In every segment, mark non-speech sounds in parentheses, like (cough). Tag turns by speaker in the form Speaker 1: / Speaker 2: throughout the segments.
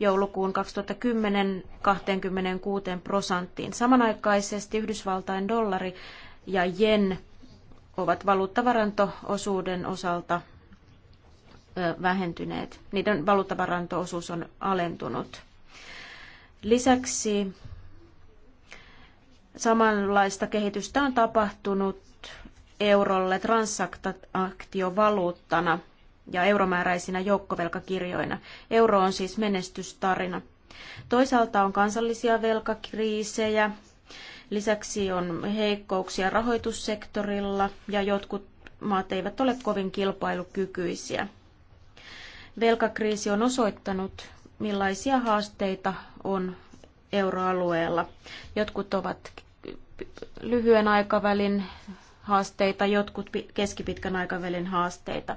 Speaker 1: joulukuun 2010 26 prosenttiin. Samanaikaisesti Yhdysvaltain dollari ja jen ovat valuuttavaranto-osuuden osalta vähentyneet. Niiden valuuttavaranto-osuus on alentunut. Lisäksi samanlaista kehitystä on tapahtunut eurolle transaktiovaluuttana – ja euromääräisinä joukkovelkakirjoina. Euro on siis menestystarina. Toisaalta on kansallisia velkakriisejä, lisäksi on heikkouksia rahoitussektorilla ja jotkut maat eivät ole kovin kilpailukykyisiä. Velkakriisi on osoittanut, millaisia haasteita on euroalueella. Jotkut ovat lyhyen aikavälin haasteita, jotkut keskipitkän aikavälin haasteita.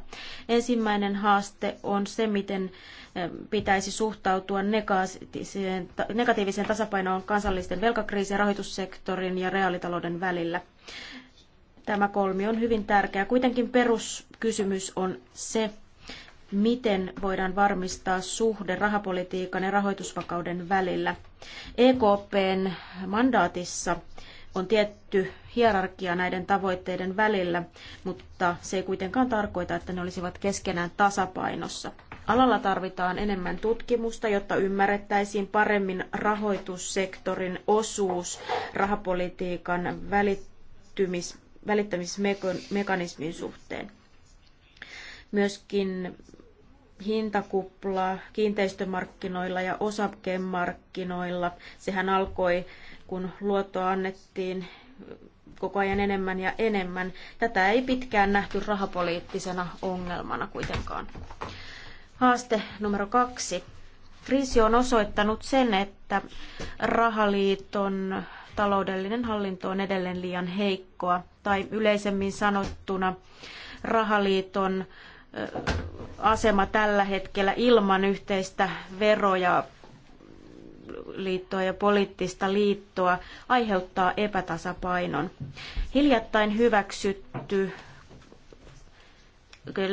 Speaker 1: Ensimmäinen haaste on se, miten pitäisi suhtautua negatiiviseen, tasapainoon kansallisten velkakriisien, rahoitussektorin ja reaalitalouden välillä. Tämä kolmi on hyvin tärkeä. Kuitenkin peruskysymys on se, miten voidaan varmistaa suhde rahapolitiikan ja rahoitusvakauden välillä. EKPn mandaatissa on tietty hierarkia näiden tavoitteiden välillä, mutta se ei kuitenkaan tarkoita, että ne olisivat keskenään tasapainossa. Alalla tarvitaan enemmän tutkimusta, jotta ymmärrettäisiin paremmin rahoitussektorin osuus rahapolitiikan välittymis, välittämismekanismin suhteen. Myöskin hintakupla kiinteistömarkkinoilla ja osakemarkkinoilla. Sehän alkoi kun luottoa annettiin koko ajan enemmän ja enemmän. Tätä ei pitkään nähty rahapoliittisena ongelmana kuitenkaan. Haaste numero kaksi. Kriisi on osoittanut sen, että rahaliiton taloudellinen hallinto on edelleen liian heikkoa, tai yleisemmin sanottuna rahaliiton asema tällä hetkellä ilman yhteistä veroja liittoa ja poliittista liittoa aiheuttaa epätasapainon. Hiljattain hyväksytty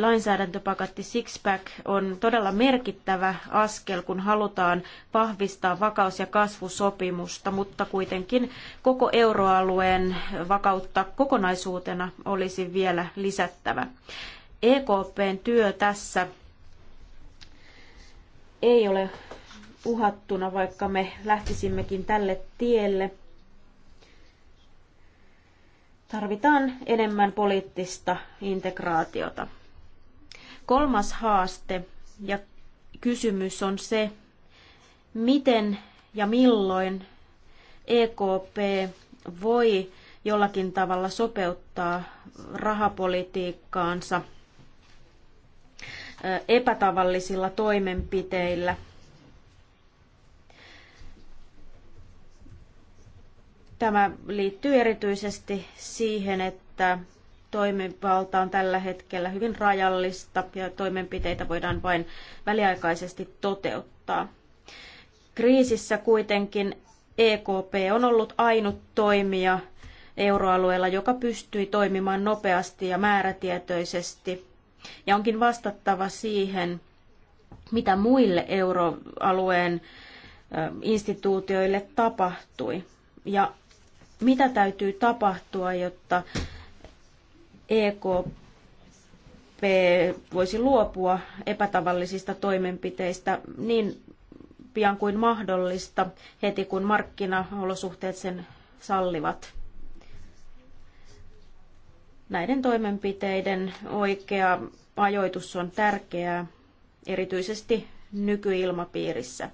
Speaker 1: lainsäädäntöpaketti Sixpack on todella merkittävä askel, kun halutaan vahvistaa vakaus- ja kasvusopimusta, mutta kuitenkin koko euroalueen vakautta kokonaisuutena olisi vielä lisättävä. EKPn työ tässä ei ole uhattuna, vaikka me lähtisimmekin tälle tielle. Tarvitaan enemmän poliittista integraatiota. Kolmas haaste ja kysymys on se, miten ja milloin EKP voi jollakin tavalla sopeuttaa rahapolitiikkaansa epätavallisilla toimenpiteillä Tämä liittyy erityisesti siihen, että toimivalta on tällä hetkellä hyvin rajallista ja toimenpiteitä voidaan vain väliaikaisesti toteuttaa. Kriisissä kuitenkin EKP on ollut ainut toimija euroalueella, joka pystyi toimimaan nopeasti ja määrätietoisesti ja onkin vastattava siihen, mitä muille euroalueen instituutioille tapahtui. Ja mitä täytyy tapahtua, jotta EKP voisi luopua epätavallisista toimenpiteistä niin pian kuin mahdollista heti kun markkinaolosuhteet sen sallivat. Näiden toimenpiteiden oikea ajoitus on tärkeää, erityisesti nykyilmapiirissä.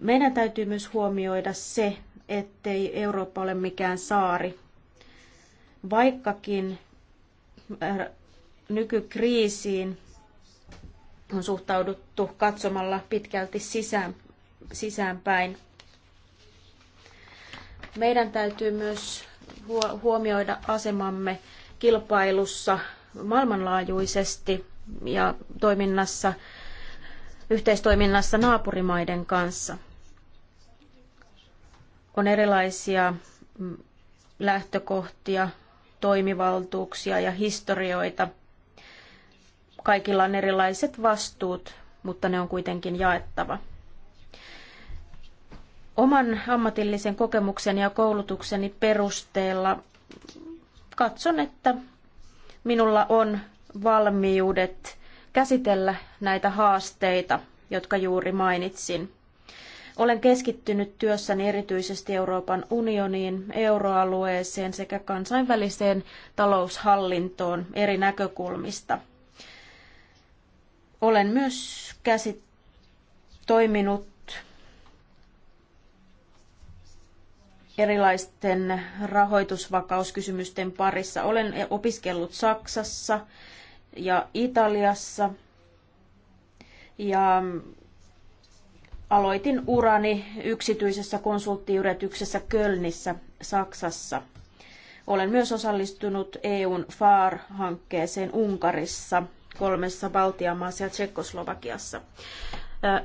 Speaker 1: Meidän täytyy myös huomioida se, ettei Eurooppa ole mikään saari. Vaikkakin äh, nykykriisiin on suhtauduttu katsomalla pitkälti sisään, sisäänpäin. Meidän täytyy myös huomioida asemamme kilpailussa maailmanlaajuisesti ja toiminnassa, yhteistoiminnassa naapurimaiden kanssa. On erilaisia mm, lähtökohtia, toimivaltuuksia ja historioita. Kaikilla on erilaiset vastuut, mutta ne on kuitenkin jaettava. Oman ammatillisen kokemuksen ja koulutukseni perusteella katson, että minulla on valmiudet käsitellä näitä haasteita, jotka juuri mainitsin. Olen keskittynyt työssäni erityisesti Euroopan unioniin, euroalueeseen sekä kansainväliseen taloushallintoon eri näkökulmista. Olen myös käsit- toiminut erilaisten rahoitusvakauskysymysten parissa. Olen opiskellut Saksassa ja Italiassa ja aloitin urani yksityisessä konsulttiyrityksessä Kölnissä, Saksassa. Olen myös osallistunut EUn FAR-hankkeeseen Unkarissa, kolmessa Baltian maassa ja Tsekkoslovakiassa.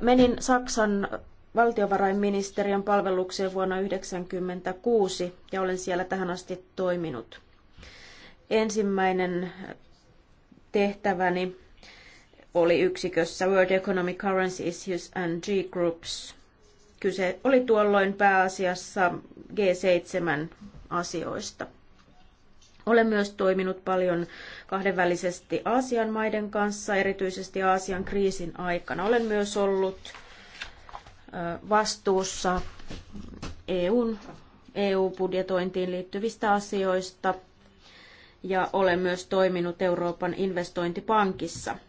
Speaker 1: Menin Saksan valtiovarainministeriön palvelukseen vuonna 1996 ja olen siellä tähän asti toiminut. Ensimmäinen tehtäväni oli yksikössä World Economic Currency Issues and G-Groups. Kyse oli tuolloin pääasiassa G7 asioista. Olen myös toiminut paljon kahdenvälisesti Aasian maiden kanssa, erityisesti Aasian kriisin aikana. Olen myös ollut vastuussa EUn, EU-budjetointiin liittyvistä asioista ja olen myös toiminut Euroopan investointipankissa –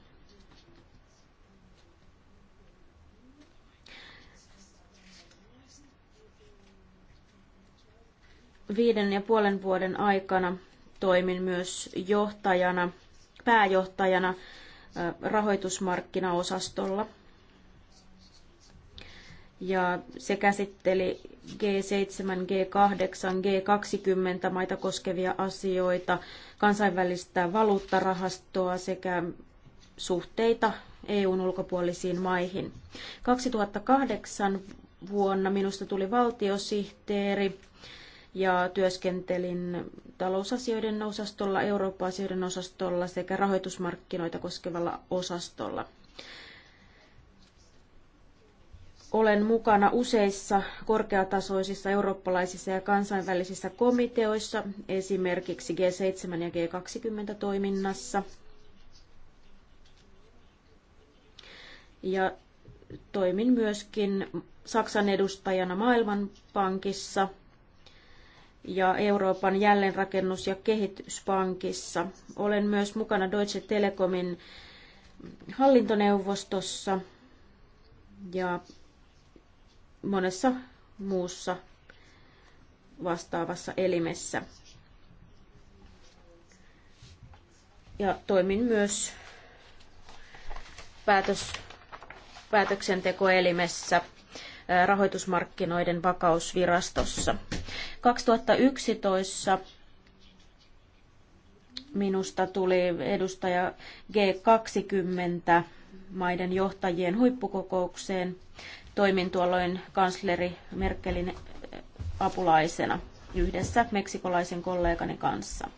Speaker 1: viiden ja puolen vuoden aikana toimin myös johtajana, pääjohtajana rahoitusmarkkinaosastolla. Ja se käsitteli G7, G8, G20 maita koskevia asioita, kansainvälistä valuuttarahastoa sekä suhteita EUn ulkopuolisiin maihin. 2008 vuonna minusta tuli valtiosihteeri ja työskentelin talousasioiden osastolla, Eurooppa-asioiden osastolla sekä rahoitusmarkkinoita koskevalla osastolla. Olen mukana useissa korkeatasoisissa eurooppalaisissa ja kansainvälisissä komiteoissa, esimerkiksi G7 ja G20 toiminnassa. Ja toimin myöskin Saksan edustajana Maailmanpankissa – ja Euroopan jälleenrakennus- ja kehityspankissa. Olen myös mukana Deutsche Telekomin hallintoneuvostossa ja monessa muussa vastaavassa elimessä. Ja toimin myös päätös, päätöksentekoelimessä rahoitusmarkkinoiden vakausvirastossa. 2011 minusta tuli edustaja G20 maiden johtajien huippukokoukseen. Toimin tuolloin kansleri Merkelin apulaisena yhdessä meksikolaisen kollegani kanssa.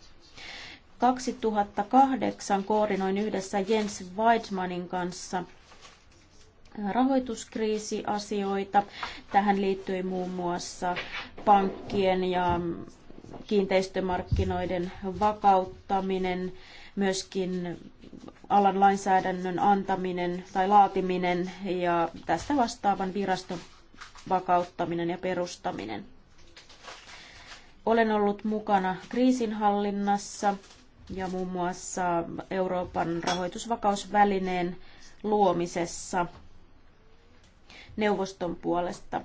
Speaker 1: 2008 koordinoin yhdessä Jens Weidmanin kanssa rahoituskriisiasioita. Tähän liittyi muun muassa pankkien ja kiinteistömarkkinoiden vakauttaminen, myöskin alan lainsäädännön antaminen tai laatiminen ja tästä vastaavan viraston vakauttaminen ja perustaminen. Olen ollut mukana kriisinhallinnassa ja muun muassa Euroopan rahoitusvakausvälineen luomisessa – neuvoston puolesta.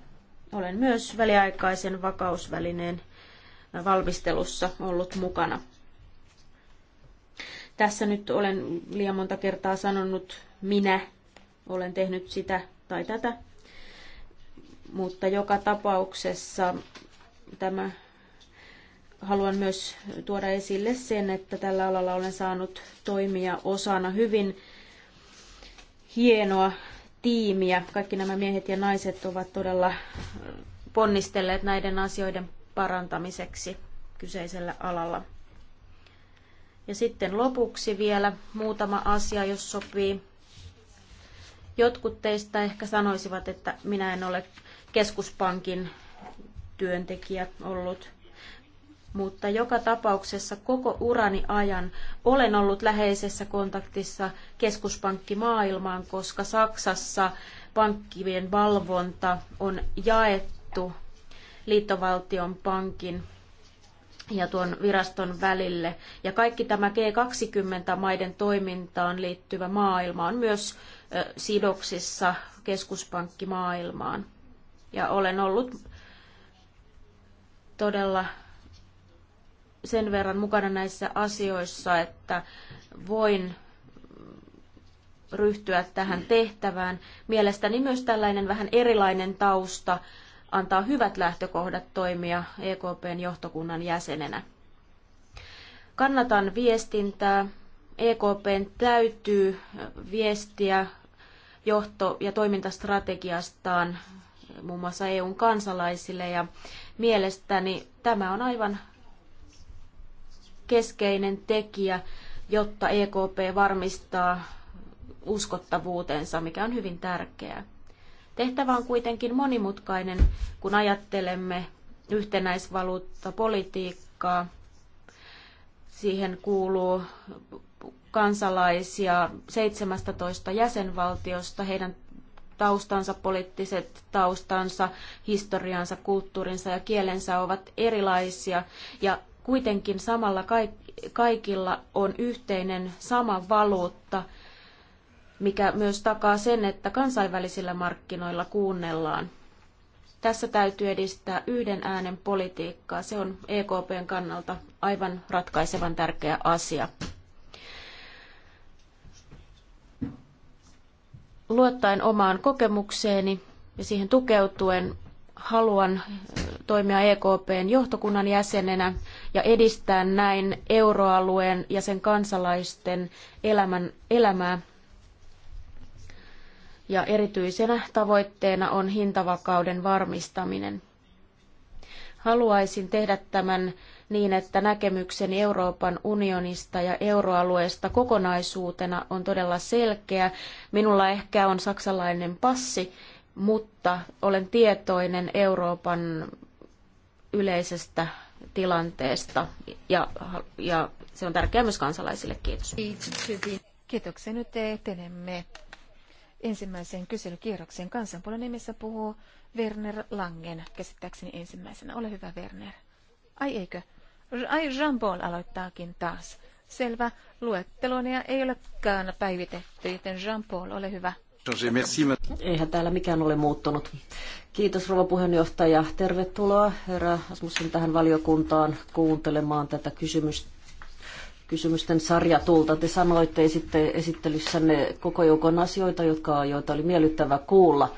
Speaker 1: Olen myös väliaikaisen vakausvälineen valmistelussa ollut mukana. Tässä nyt olen liian monta kertaa sanonut minä, olen tehnyt sitä tai tätä, mutta joka tapauksessa tämä haluan myös tuoda esille sen, että tällä alalla olen saanut toimia osana hyvin hienoa tiimiä. Kaikki nämä miehet ja naiset ovat todella ponnistelleet näiden asioiden parantamiseksi kyseisellä alalla. Ja sitten lopuksi vielä muutama asia, jos sopii. Jotkut teistä ehkä sanoisivat, että minä en ole keskuspankin työntekijä ollut mutta joka tapauksessa koko urani ajan olen ollut läheisessä kontaktissa keskuspankkimaailmaan, koska Saksassa pankkivien valvonta on jaettu liittovaltion pankin ja tuon viraston välille. Ja kaikki tämä G20-maiden toimintaan liittyvä maailma on myös sidoksissa keskuspankkimaailmaan. Ja olen ollut todella sen verran mukana näissä asioissa, että voin ryhtyä tähän tehtävään. Mielestäni myös tällainen vähän erilainen tausta antaa hyvät lähtökohdat toimia EKPn johtokunnan jäsenenä. Kannatan viestintää. EKPn täytyy viestiä johto- ja toimintastrategiastaan muun muassa EUn kansalaisille ja mielestäni tämä on aivan keskeinen tekijä, jotta EKP varmistaa uskottavuutensa, mikä on hyvin tärkeää. Tehtävä on kuitenkin monimutkainen, kun ajattelemme yhtenäisvaluuttapolitiikkaa. Siihen kuuluu kansalaisia 17 jäsenvaltiosta, heidän taustansa, poliittiset taustansa, historiansa, kulttuurinsa ja kielensä ovat erilaisia ja kuitenkin samalla kaikilla on yhteinen sama valuutta, mikä myös takaa sen, että kansainvälisillä markkinoilla kuunnellaan. Tässä täytyy edistää yhden äänen politiikkaa. Se on EKPn kannalta aivan ratkaisevan tärkeä asia. Luottaen omaan kokemukseeni ja siihen tukeutuen haluan toimia EKPn johtokunnan jäsenenä ja edistää näin euroalueen ja sen kansalaisten elämän, elämää. Ja erityisenä tavoitteena on hintavakauden varmistaminen. Haluaisin tehdä tämän niin, että näkemykseni Euroopan unionista ja euroalueesta kokonaisuutena on todella selkeä. Minulla ehkä on saksalainen passi, mutta olen tietoinen Euroopan yleisestä tilanteesta ja, ja se on tärkeää myös kansalaisille. Kiitos.
Speaker 2: Kiitoksia. Nyt etenemme ensimmäiseen kyselykierrokseen. Kansanpuolen nimessä puhuu Werner Langen, käsittääkseni ensimmäisenä. Ole hyvä, Werner. Ai eikö? Ai Jean-Paul aloittaakin taas. Selvä. Luettelonia ei olekaan päivitetty, joten Jean-Paul, ole hyvä.
Speaker 3: Eihän täällä mikään ole muuttunut. Kiitos rouva puheenjohtaja. Tervetuloa herra Asmussen tähän valiokuntaan kuuntelemaan tätä kysymystä kysymysten sarjatulta. Te sanoitte esitte, esittelyssänne koko joukon asioita, jotka, joita oli miellyttävä kuulla.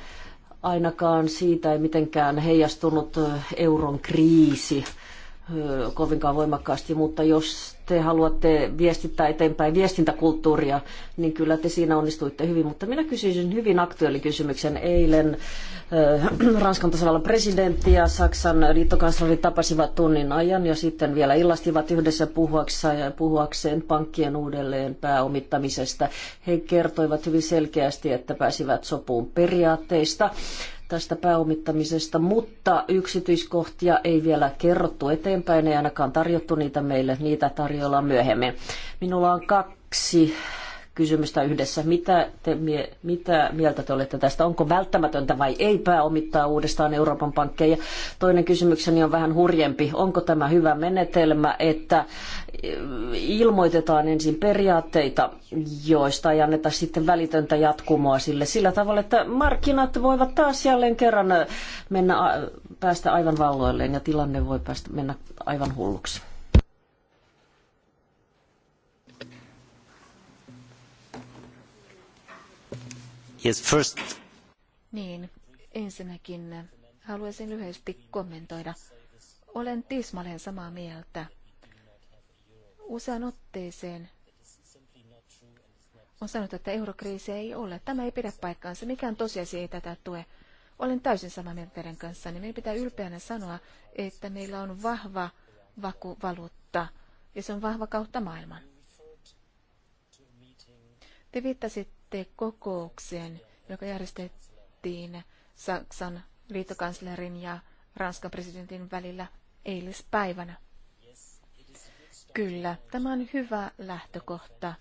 Speaker 3: Ainakaan siitä ei mitenkään heijastunut euron kriisi kovinkaan voimakkaasti, mutta jos te haluatte viestittää eteenpäin viestintäkulttuuria, niin kyllä te siinä onnistuitte hyvin. Mutta minä kysyisin hyvin kysymyksen. Eilen äh, (clears throat) Ranskan tasavallan presidentti ja Saksan liittokansleri tapasivat tunnin ajan ja sitten vielä illastivat yhdessä puhuakseen, puhuakseen pankkien uudelleen pääomittamisesta. He kertoivat hyvin selkeästi, että pääsivät sopuun periaatteista tästä pääomittamisesta, mutta yksityiskohtia ei vielä kerrottu eteenpäin, ei ainakaan tarjottu niitä meille, niitä tarjoillaan myöhemmin. Minulla on kaksi kysymystä yhdessä. Mitä, te, mitä mieltä te olette tästä? Onko välttämätöntä vai ei pääomittaa uudestaan Euroopan pankkeja? Toinen kysymykseni on vähän hurjempi. Onko tämä hyvä menetelmä, että äh, ilmoitetaan ensin periaatteita, joista ei anneta sitten välitöntä jatkumoa sille sillä tavalla, että markkinat voivat taas jälleen kerran äh, mennä, päästä aivan valloilleen ja tilanne voi päästä, mennä
Speaker 4: aivan hulluksi. Yes, first.
Speaker 2: Niin, ensinnäkin haluaisin lyhyesti kommentoida. Olen tismalleen samaa mieltä. Usean otteeseen on sanottu, että eurokriisiä ei ole. Tämä ei pidä paikkaansa. Mikään tosiasia ei tätä tue. Olen täysin samaa mieltä teidän kanssa. meidän pitää ylpeänä sanoa, että meillä on vahva vakuvaluutta ja se on vahva kautta maailman. Te viittasitte kokouksen, joka järjestettiin Saksan liittokanslerin ja Ranskan presidentin välillä eilispäivänä. Kyllä, tämä on hyvä lähtökohta.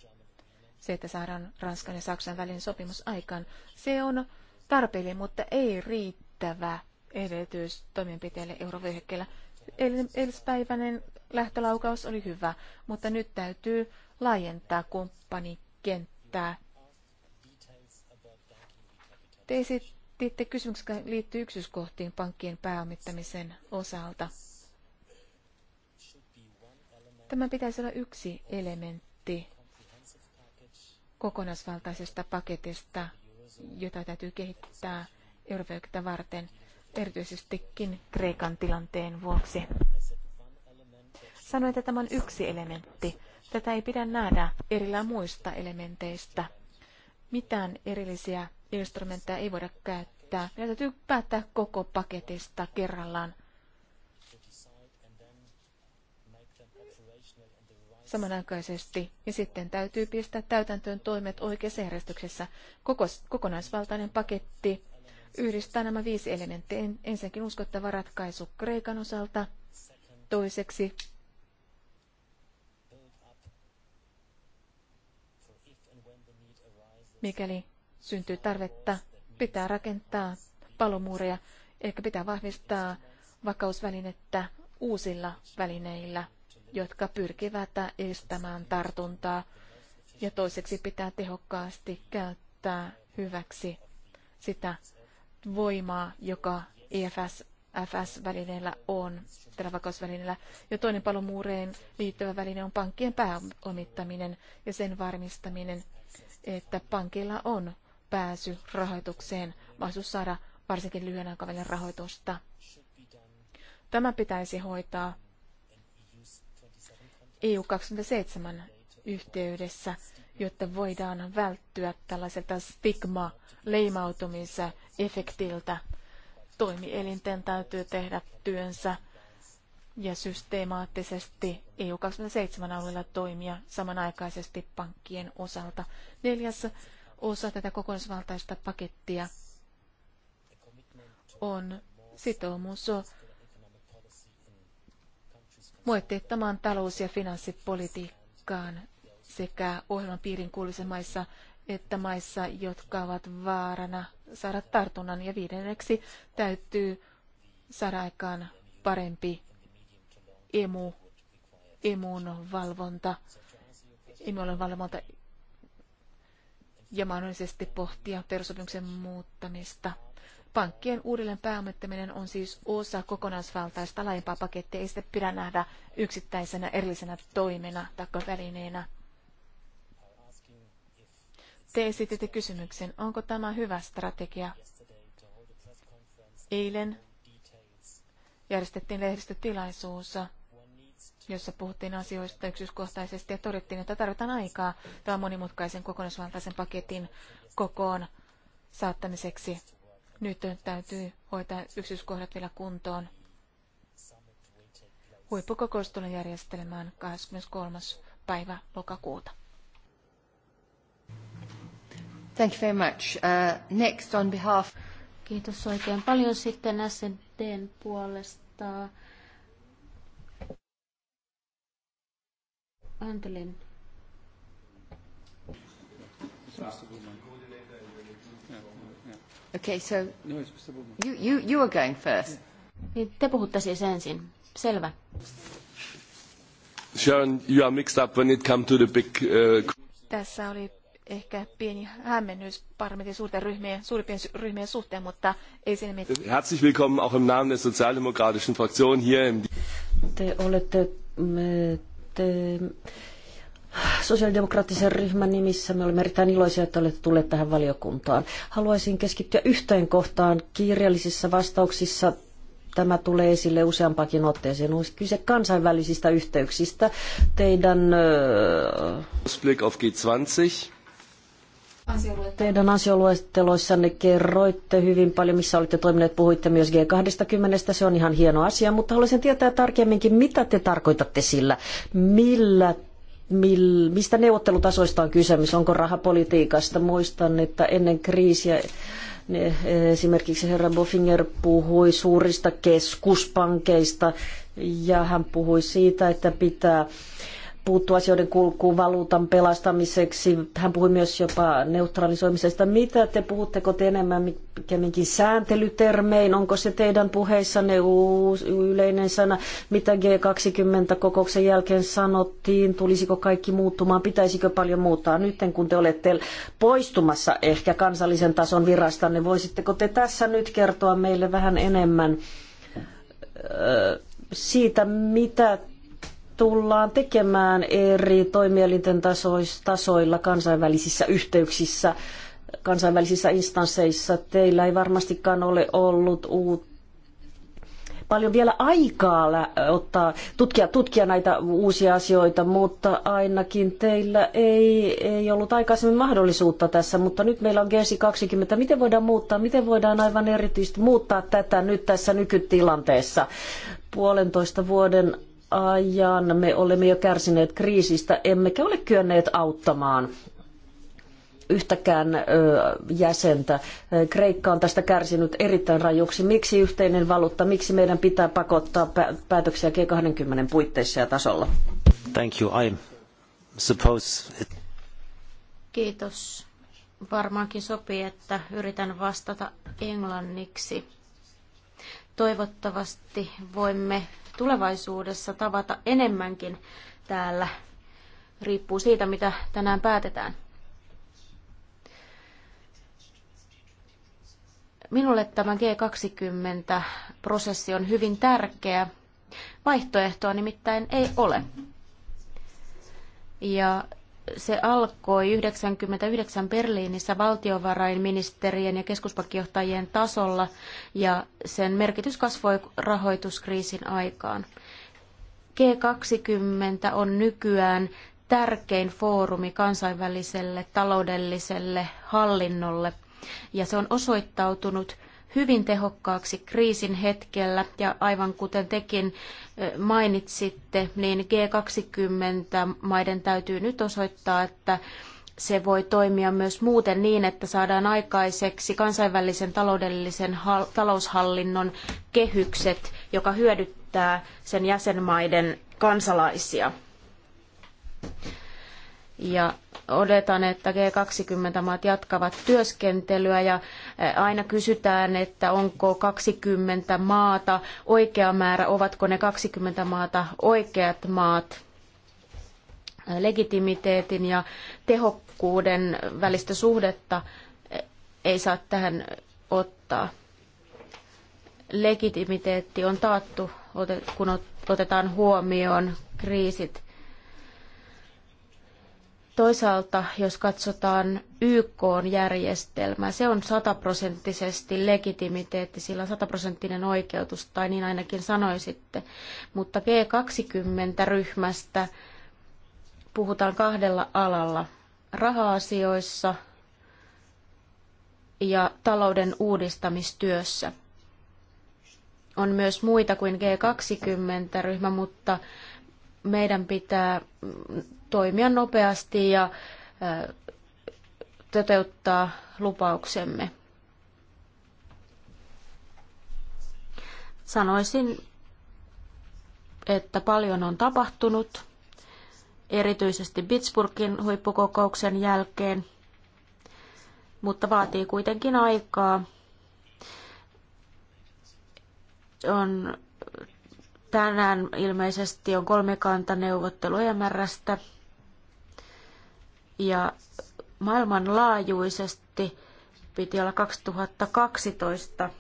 Speaker 2: Se, että saadaan Ranskan ja Saksan välin sopimus aikaan, se on tarpeellinen, mutta ei riittävä edellytys toimenpiteelle eurovyöhykkeellä. Eilispäiväinen lähtölaukaus oli hyvä, mutta nyt täytyy laajentaa kumppanikenttää te esititte kysymyksen, joka liittyy yksityiskohtiin pankkien pääomittamisen osalta. Tämä pitäisi olla yksi elementti kokonaisvaltaisesta paketista, jota täytyy kehittää Euroopan varten, erityisestikin Kreikan tilanteen vuoksi. Sanoin, että tämä on yksi elementti. Tätä ei pidä nähdä erillään muista elementeistä – mitään erillisiä instrumentteja ei voida käyttää. Meidän täytyy päättää koko paketista kerrallaan. samanaikaisesti ja sitten täytyy pistää täytäntöön toimet oikeassa järjestyksessä. Koko, kokonaisvaltainen paketti yhdistää nämä viisi elementtiä. Ensinnäkin uskottava ratkaisu Kreikan osalta, toiseksi mikäli syntyy tarvetta. Pitää rakentaa palomuureja, eikä pitää vahvistaa vakausvälinettä uusilla välineillä, jotka pyrkivät estämään tartuntaa. Ja toiseksi pitää tehokkaasti käyttää hyväksi sitä voimaa, joka EFS FS-välineellä on, tällä vakausvälineellä. Ja toinen palomuureen liittyvä väline on pankkien pääomittaminen ja sen varmistaminen, että pankilla on pääsy rahoitukseen, mahdollisuus saada varsinkin lyhyen aikavälin rahoitusta. Tämä pitäisi hoitaa EU27 yhteydessä, jotta voidaan välttyä tällaiselta stigma efektiltä. Toimielinten täytyy tehdä työnsä ja systeemaattisesti EU27 alueella toimia samanaikaisesti pankkien osalta. Neljäs osa tätä kokonaisvaltaista pakettia on sitoumus moitteettamaan talous- ja finanssipolitiikkaan sekä ohjelman piirin kuuluisissa maissa että maissa, jotka ovat vaarana saada tartunnan. Ja viidenneksi täytyy saada aikaan parempi emu, emun valvonta, emualueen valvonta ja mahdollisesti pohtia perusopimuksen muuttamista. Pankkien uudelleen pääomittaminen on siis osa kokonaisvaltaista laajempaa pakettia, ei sitä pidä nähdä yksittäisenä erillisenä toimena tai välineenä. Te esititte kysymyksen, onko tämä hyvä strategia? Eilen järjestettiin lehdistötilaisuus jossa puhuttiin asioista yksityiskohtaisesti ja todettiin, että tarvitaan aikaa tämän monimutkaisen kokonaisvaltaisen paketin kokoon saattamiseksi. Nyt täytyy hoitaa yksityiskohdat vielä kuntoon. Huippukokous tulee järjestelemään 23. päivä lokakuuta. Thank you very much. Uh, next on behalf...
Speaker 1: Kiitos oikein paljon sitten SNTn puolesta. Antolin. Okay, so no, you, you, you are going first. Niin te puhutte siis ensin. Selvä.
Speaker 3: Sharon, you are mixed up when it comes to the big... Uh...
Speaker 2: Tässä oli ehkä pieni hämmennys parlamentin suurten ryhmien, suurimpien ryhmien suhteen, mutta ei siinä mitään.
Speaker 3: Herzlich willkommen auch im Namen der sozialdemokratischen Fraktion hier im... Te olette me mm, Sosiaalidemokraattisen ryhmän nimissä me olemme erittäin iloisia, että olette tulleet tähän valiokuntaan. Haluaisin keskittyä yhteen kohtaan kirjallisissa vastauksissa. Tämä tulee esille useampakin otteeseen. Olisi kyse kansainvälisistä yhteyksistä. Teidän... Ausblick auf G20. Teidän ansioluetteloissanne kerroitte hyvin paljon, missä olitte toimineet. Puhuitte myös G20, se on ihan hieno asia, mutta haluaisin tietää tarkemminkin, mitä te tarkoitatte sillä, millä Mil, mistä neuvottelutasoista on kysymys? Onko rahapolitiikasta? Muistan, että ennen kriisiä esimerkiksi herra Boffinger puhui suurista keskuspankeista ja hän puhui siitä, että pitää puuttua asioiden kulkuun valuutan pelastamiseksi. Hän puhui myös jopa neutralisoimisesta. Mitä te puhutteko te enemmän mikemminkin sääntelytermein? Onko se teidän puheissanne uusi yleinen sana? Mitä G20-kokouksen jälkeen sanottiin? Tulisiko kaikki muuttumaan? Pitäisikö paljon muuttaa? Nyt kun te olette poistumassa ehkä kansallisen tason virastanne, voisitteko te tässä nyt kertoa meille vähän enemmän siitä, mitä tullaan tekemään eri toimielinten tasoilla kansainvälisissä yhteyksissä, kansainvälisissä instansseissa? Teillä ei varmastikaan ole ollut uutta paljon vielä aikaa ottaa, tutkia, tutkia näitä uusia asioita, mutta ainakin teillä ei, ei ollut aikaisemmin mahdollisuutta tässä, mutta nyt meillä on GESI 20. Miten voidaan muuttaa, miten voidaan aivan erityisesti muuttaa tätä nyt tässä nykytilanteessa? Puolentoista vuoden ajan me olemme jo kärsineet kriisistä, emmekä ole kyenneet auttamaan yhtäkään jäsentä. Kreikka on tästä kärsinyt erittäin rajuksi. Miksi yhteinen valuutta? Miksi meidän pitää pakottaa päätöksiä G20 puitteissa ja tasolla?
Speaker 4: Thank you. I suppose it...
Speaker 1: Kiitos. Varmaankin sopii, että yritän vastata englanniksi. Toivottavasti voimme tulevaisuudessa tavata enemmänkin täällä. Riippuu siitä, mitä tänään päätetään. Minulle tämä G20-prosessi on hyvin tärkeä. Vaihtoehtoa nimittäin ei ole. Ja se alkoi 99 Berliinissä valtiovarainministerien ja keskuspankkijohtajien tasolla ja sen merkitys kasvoi rahoituskriisin aikaan. G20 on nykyään tärkein foorumi kansainväliselle taloudelliselle hallinnolle ja se on osoittautunut hyvin tehokkaaksi kriisin hetkellä. Ja aivan kuten tekin mainitsitte, niin G20-maiden täytyy nyt osoittaa, että se voi toimia myös muuten niin, että saadaan aikaiseksi kansainvälisen taloudellisen taloushallinnon kehykset, joka hyödyttää sen jäsenmaiden kansalaisia. Ja odotan, että G20-maat jatkavat työskentelyä ja eh, aina kysytään, että onko 20 maata oikea määrä, ovatko ne 20 maata oikeat maat eh, legitimiteetin ja tehokkuuden välistä suhdetta eh, ei saa tähän ottaa. Legitimiteetti on taattu, kun otetaan huomioon kriisit Toisaalta, jos katsotaan YK-järjestelmää, se on sataprosenttisesti legitimiteetti, sillä on sataprosenttinen oikeutus, tai niin ainakin sanoisitte. Mutta G20-ryhmästä puhutaan kahdella alalla, raha-asioissa ja talouden uudistamistyössä. On myös muita kuin G20-ryhmä, mutta meidän pitää toimia nopeasti ja toteuttaa lupauksemme. Sanoisin, että paljon on tapahtunut, erityisesti Pittsburghin huippukokouksen jälkeen, mutta vaatii kuitenkin aikaa. On tänään ilmeisesti on kolmikantaneuvottelu MRstä ja maailmanlaajuisesti piti olla 2012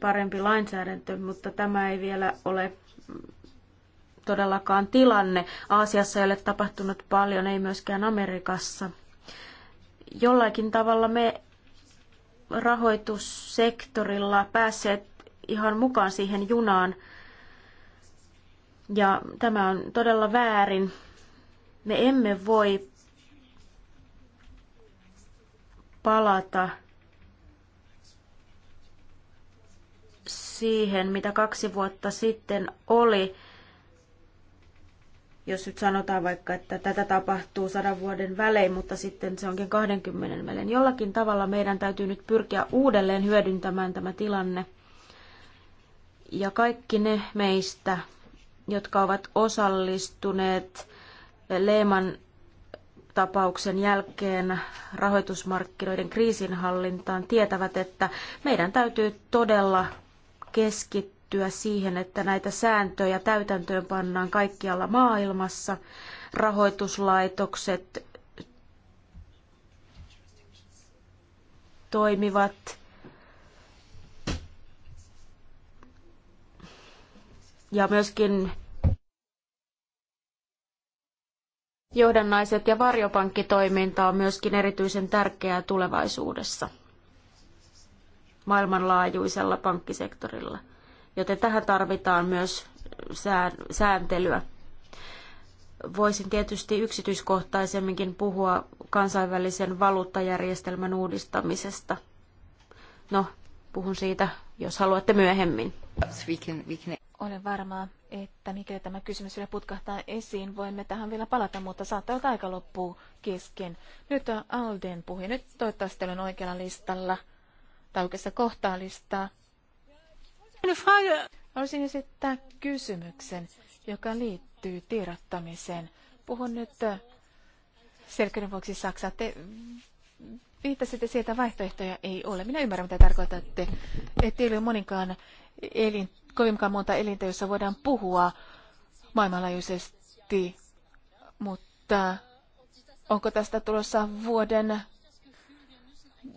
Speaker 1: parempi lainsäädäntö, mutta tämä ei vielä ole todellakaan tilanne. Aasiassa ei ole tapahtunut paljon, ei myöskään Amerikassa. Jollakin tavalla me rahoitussektorilla päässeet ihan mukaan siihen junaan. Ja tämä on todella väärin. Me emme voi palata siihen, mitä kaksi vuotta sitten oli. Jos nyt sanotaan vaikka, että tätä tapahtuu sadan vuoden välein, mutta sitten se onkin 20 välein. Jollakin tavalla meidän täytyy nyt pyrkiä uudelleen hyödyntämään tämä tilanne. Ja kaikki ne meistä, jotka ovat osallistuneet Lehman tapauksen jälkeen rahoitusmarkkinoiden kriisinhallintaan tietävät, että meidän täytyy todella keskittyä siihen, että näitä sääntöjä täytäntöön pannaan kaikkialla maailmassa. Rahoituslaitokset toimivat ja myöskin Johdannaiset ja varjopankkitoiminta on myöskin erityisen tärkeää tulevaisuudessa maailmanlaajuisella pankkisektorilla, joten tähän tarvitaan myös sääntelyä. Voisin tietysti yksityiskohtaisemminkin puhua kansainvälisen valuuttajärjestelmän uudistamisesta. No, puhun siitä, jos haluatte myöhemmin.
Speaker 2: Olen varmaan että mikäli tämä kysymys vielä putkahtaa esiin, voimme tähän vielä palata, mutta saattaa, olla aika loppuu kesken. Nyt on Alden puhe. Nyt toivottavasti olen oikealla listalla tai oikeassa kohtaa listaa. Haluaisin esittää kysymyksen, joka liittyy tiedottamiseen. Puhun nyt äh, selkeyden vuoksi Saksaa. Te viittasitte sieltä vaihtoehtoja ei ole. Minä ymmärrän, mitä tarkoitatte. Että ei ole moninkaan elin, kovinkaan monta elintä, joissa voidaan puhua maailmanlaajuisesti, mutta onko tästä tulossa vuoden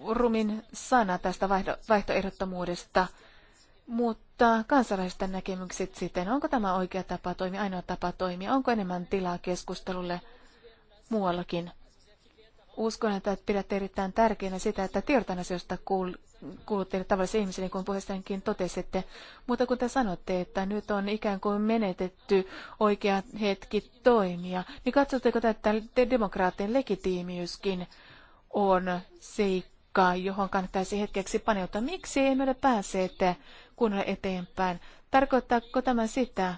Speaker 2: rumin sana tästä vaihto, vaihtoehdottomuudesta, mutta kansalaisten näkemykset sitten, onko tämä oikea tapa toimia, ainoa tapa toimia, onko enemmän tilaa keskustelulle muuallakin. Uskon, että pidätte erittäin tärkeänä sitä, että tiedotan asioista kuluttajille tavallisille ihmisille, niin kuin puheessakin totesitte. Mutta kun te sanotte, että nyt on ikään kuin menetetty oikea hetki toimia, niin katsotteko, että demokraattien legitiimiyskin on seikka, johon kannattaisi hetkeksi paneutua. Miksi emme ole päässeet kunnolla eteenpäin? Tarkoittaako tämä sitä,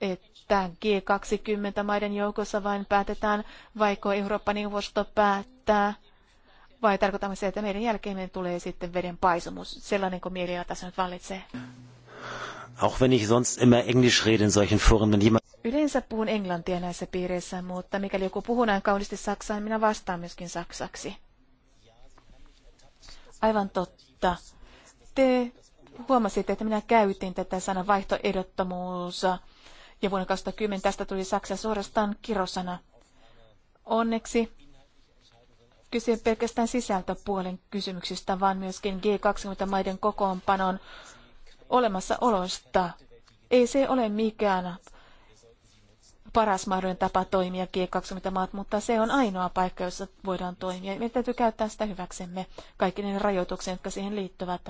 Speaker 2: että G20-maiden joukossa vain päätetään, vaiko Eurooppa-neuvosto päättää, vai tarkoitamme se, että meidän jälkeemme tulee sitten veden paisumus, sellainen kuin mieliala tässä nyt vallitsee?
Speaker 4: Auch wenn ich sonst immer Englisch rede in solchen Foren, wenn jemand...
Speaker 2: Yleensä puhun englantia näissä piireissä, mutta mikäli joku puhuu näin kauniisti saksaa, niin minä vastaan myöskin saksaksi. Aivan totta. Te huomasitte, että minä käytin tätä sanaa vaihtoehdottomuus ja vuonna 2010 tästä tuli Saksa suorastaan kirosana. Onneksi kyse pelkästään sisältöpuolen kysymyksistä, vaan myöskin G20-maiden kokoonpanon olemassaolosta. Ei se ole mikään paras mahdollinen tapa toimia G20-maat, mutta se on ainoa paikka, jossa voidaan toimia. Meidän täytyy käyttää sitä hyväksemme, kaikki ne rajoitukset, jotka siihen liittyvät.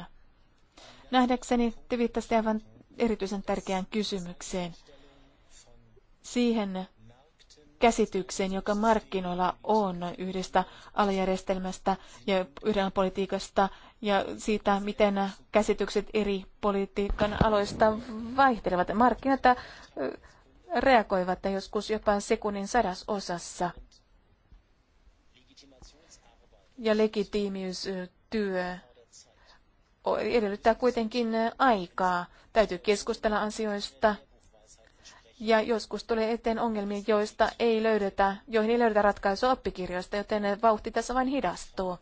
Speaker 2: Nähdäkseni te viittasitte aivan erityisen tärkeään kysymykseen – siihen käsitykseen, joka markkinoilla on yhdestä alajärjestelmästä ja yhden politiikasta ja siitä, miten käsitykset eri politiikan aloista vaihtelevat. Markkinat reagoivat joskus jopa sekunnin sadasosassa. Ja legitiimiystyö edellyttää kuitenkin aikaa. Täytyy keskustella asioista ja joskus tulee eteen ongelmia, joista ei löydetä, joihin ei löydetä ratkaisua oppikirjoista, joten vauhti tässä vain hidastuu.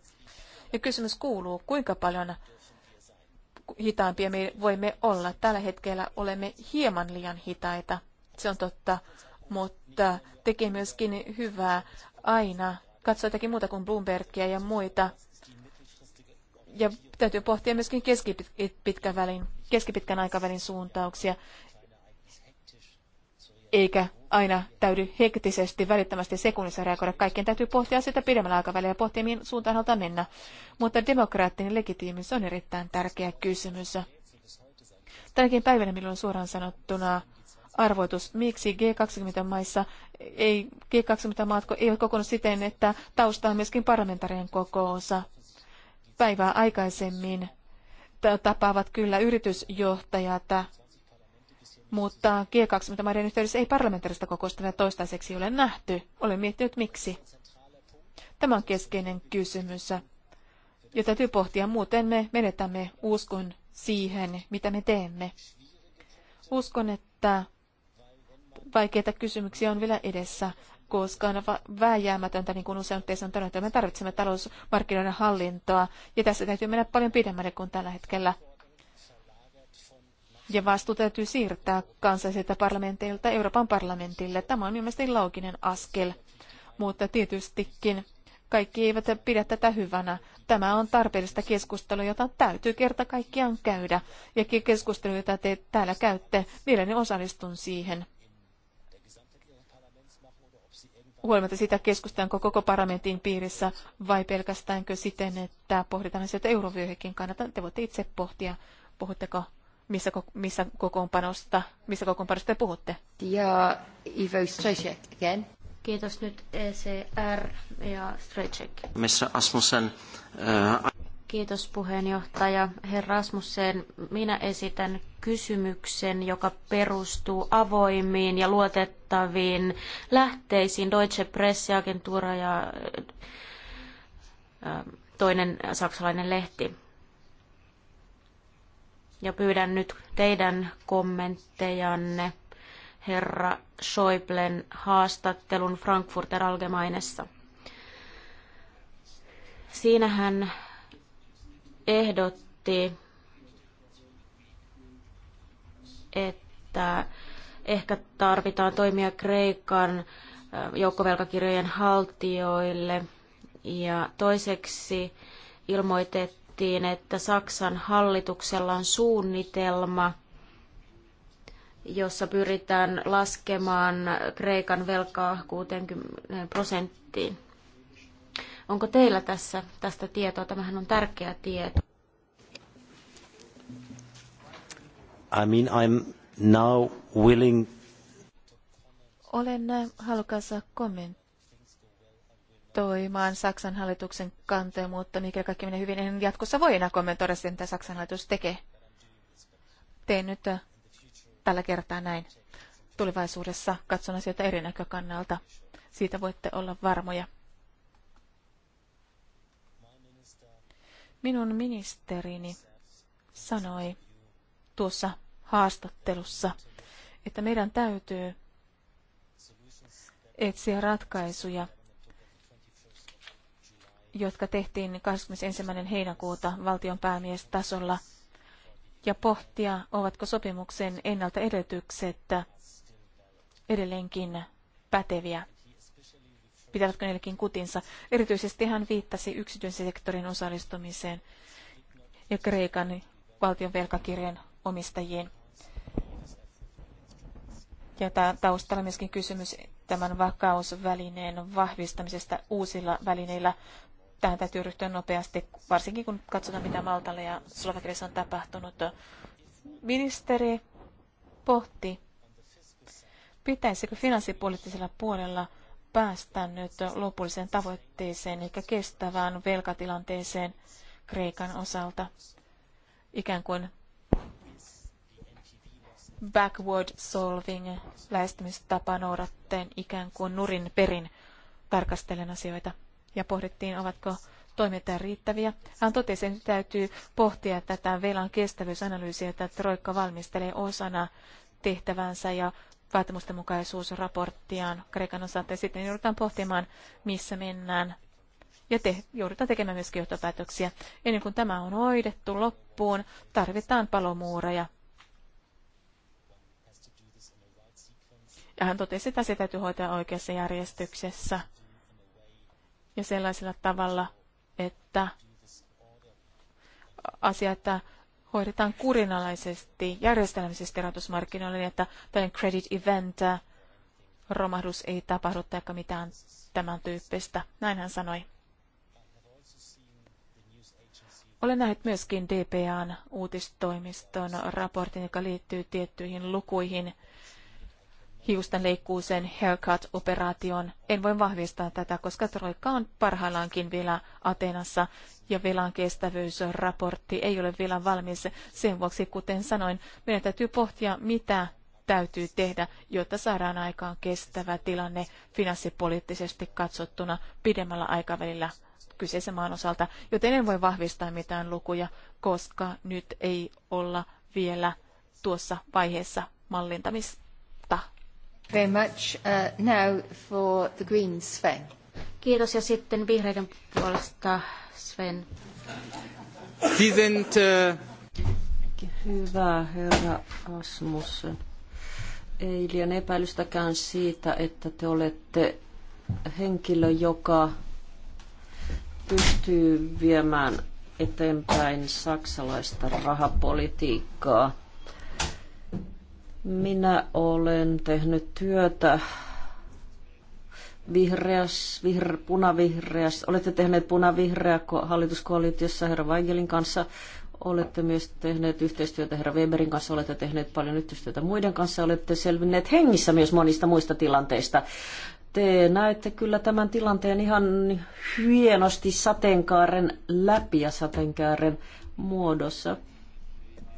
Speaker 2: Ja kysymys kuuluu, kuinka paljon hitaampia me voimme olla. Tällä hetkellä olemme hieman liian hitaita, se on totta, mutta tekee myöskin hyvää aina katsoa jotakin muuta kuin Bloombergia ja muita. Ja täytyy pohtia myöskin keskipitkän, välin, keskipitkän aikavälin suuntauksia eikä aina täydy hektisesti, välittömästi sekunnissa reagoida. Kaikkien täytyy pohtia sitä pidemmällä aikavälillä ja pohtia, mihin suuntaan halutaan mennä. Mutta demokraattinen legitiimiys on erittäin tärkeä kysymys. Tänäkin päivänä minulla on suoraan sanottuna arvoitus, miksi G20-maissa ei, G20-maatko ei ole kokonut siten, että tausta on myöskin parlamentaarinen kokoosa. Päivää aikaisemmin tapaavat kyllä yritysjohtajat mutta G20-maiden yhteydessä ei parlamentaarista kokousta vielä toistaiseksi ole nähty. Olen miettinyt miksi. Tämä on keskeinen kysymys, ja täytyy pohtia, muuten me menetämme uskon siihen, mitä me teemme. Uskon, että vaikeita kysymyksiä on vielä edessä, koska on vääjäämätöntä, niin kuin usein on todettu, me tarvitsemme talousmarkkinoiden hallintoa, ja tässä täytyy mennä paljon pidemmälle kuin tällä hetkellä. Ja vastuu täytyy siirtää kansallisilta parlamenteilta Euroopan parlamentille. Tämä on mielestäni looginen askel, mutta tietystikin kaikki eivät pidä tätä hyvänä. Tämä on tarpeellista keskustelua, jota täytyy kerta kaikkiaan käydä. Ja keskustelu, jota te täällä käytte, mielelläni osallistun siihen. Huolimatta sitä keskustelua koko parlamentin piirissä vai pelkästäänkö siten, että pohditaan asioita eurovyöhykin kannalta. Te voitte itse pohtia, puhutteko missä, missä kokoonpanosta, missä kokoonpanosta te puhutte. Ja Ivo Strejček again. Kiitos nyt ECR
Speaker 1: ja Strejček. Missä Asmussen... Uh... Kiitos puheenjohtaja. Herra Asmussen, minä esitän kysymyksen, joka perustuu avoimiin ja luotettaviin lähteisiin. Deutsche Presseagentura ja äh, toinen saksalainen lehti. Ja pyydän nyt teidän kommenttejanne herra Schäublen haastattelun Frankfurter Allgemeinessa. Siinä hän ehdotti, että ehkä tarvitaan toimia Kreikan äh, joukkovelkakirjojen haltijoille ja toiseksi ilmoitettiin, sanottiin, että Saksan hallituksella on suunnitelma, jossa pyritään laskemaan Kreikan velkaa 60 prosenttiin. Onko teillä tässä tästä tietoa? Tämähän on tärkeä tieto.
Speaker 4: I mean, I'm now willing...
Speaker 2: Olen halukas kommentoimaan kommentoimaan Saksan hallituksen kantoja, mutta mikä kaikki menee hyvin, en jatkossa voi enää kommentoida sitä, mitä Saksan hallitus tekee. Teen nyt äh, tällä kertaa näin. Tulevaisuudessa katson asioita eri näkökannalta. Siitä voitte olla varmoja. Minun ministerini sanoi tuossa haastattelussa, että meidän täytyy etsiä ratkaisuja jotka tehtiin 21. heinäkuuta valtion päämiestasolla, ja pohtia, ovatko sopimuksen ennalta edellytykset edelleenkin päteviä. Pitävätkö niillekin kutinsa? Erityisesti hän viittasi yksityisen sektorin osallistumiseen ja Kreikan valtion velkakirjan omistajiin. Ja taustalla myöskin kysymys tämän vakausvälineen vahvistamisesta uusilla välineillä tähän täytyy ryhtyä nopeasti, varsinkin kun katsotaan, mitä Maltalle ja Slovakiassa on tapahtunut. Ministeri pohti, pitäisikö finanssipoliittisella puolella päästä nyt lopulliseen tavoitteeseen, eli kestävään velkatilanteeseen Kreikan osalta, ikään kuin backward solving lähestymistapa noudatteen ikään kuin nurin perin tarkastellen asioita ja pohdittiin, ovatko toimet riittäviä. Hän totesi, että täytyy pohtia tätä velan kestävyysanalyysiä, että Troikka valmistelee osana tehtävänsä ja vaatimustenmukaisuusraporttiaan Kreikan osalta. Ja sitten joudutaan pohtimaan, missä mennään. Ja te, joudutaan tekemään myöskin johtopäätöksiä. Ennen kuin tämä on hoidettu loppuun, tarvitaan palomuureja. Ja hän totesi, että se täytyy hoitaa oikeassa järjestyksessä ja sellaisella tavalla, että että hoidetaan kurinalaisesti järjestelmisesti rahoitusmarkkinoille, niin että tällainen credit event äh, romahdus ei tapahdu tai mitään tämän tyyppistä. Näin hän sanoi. Olen nähnyt myöskin DPAn uutistoimiston raportin, joka liittyy tiettyihin lukuihin – hiusten leikkuuseen haircut-operaation. En voi vahvistaa tätä, koska Troikka on parhaillaankin vielä Atenassa ja velan kestävyysraportti ei ole vielä valmis. Sen vuoksi, kuten sanoin, meidän täytyy pohtia, mitä täytyy tehdä, jotta saadaan aikaan kestävä tilanne finanssipoliittisesti katsottuna pidemmällä aikavälillä kyseisen maan osalta, joten en voi vahvistaa mitään lukuja, koska nyt ei olla vielä tuossa vaiheessa mallintamis very much. Uh, now for the Greens, Sven.
Speaker 1: Kiitos ja sitten vihreiden puolesta Sven.
Speaker 4: Sie
Speaker 3: uh... Hyvä herra Asmussen. Ei liian epäilystäkään siitä, että te olette henkilö, joka pystyy viemään eteenpäin saksalaista rahapolitiikkaa minä olen tehnyt työtä vihreäs, vihre, punavihreäs. Olette tehneet punavihreä hallituskoalitiossa herra Weigelin kanssa. Olette myös tehneet yhteistyötä herra Weberin kanssa, olette tehneet paljon yhteistyötä muiden kanssa, olette selvinneet hengissä myös monista muista tilanteista. Te näette kyllä tämän tilanteen ihan hienosti sateenkaaren läpi ja sateenkaaren muodossa.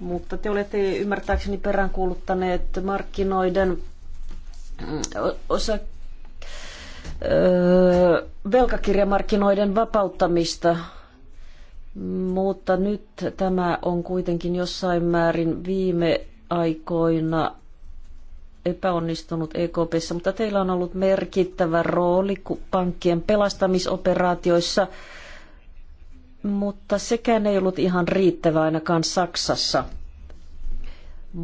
Speaker 3: Mutta te olette ymmärtääkseni peräänkuuluttaneet markkinoiden
Speaker 1: mm,
Speaker 3: osa, velkakirjamarkkinoiden vapauttamista, mutta nyt tämä on kuitenkin jossain määrin viime aikoina epäonnistunut EKPssä, mutta teillä on ollut merkittävä rooli pankkien pelastamisoperaatioissa – mutta sekään ei ollut ihan riittävä ainakaan Saksassa.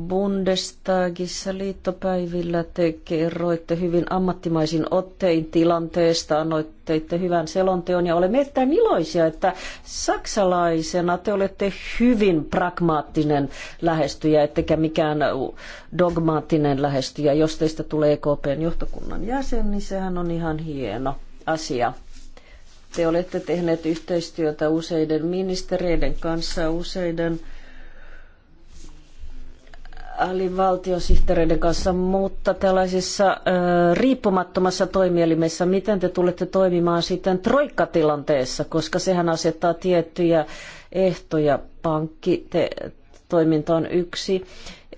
Speaker 3: Bundestagissa liittopäivillä te kerroitte hyvin ammattimaisin ottein tilanteesta, annoitte hyvän selonteon ja olemme erittäin iloisia, että saksalaisena te olette hyvin pragmaattinen lähestyjä, ettekä mikään dogmaattinen lähestyjä. Jos teistä tulee EKPn johtokunnan jäsen, niin sehän on ihan hieno asia. Te olette tehneet yhteistyötä useiden ministereiden kanssa, useiden valtiosihteereiden kanssa, mutta tällaisessa riippumattomassa toimielimessä, miten te tulette toimimaan sitten troikkatilanteessa, koska sehän asettaa tiettyjä ehtoja. Pankki, te, toiminta on yksi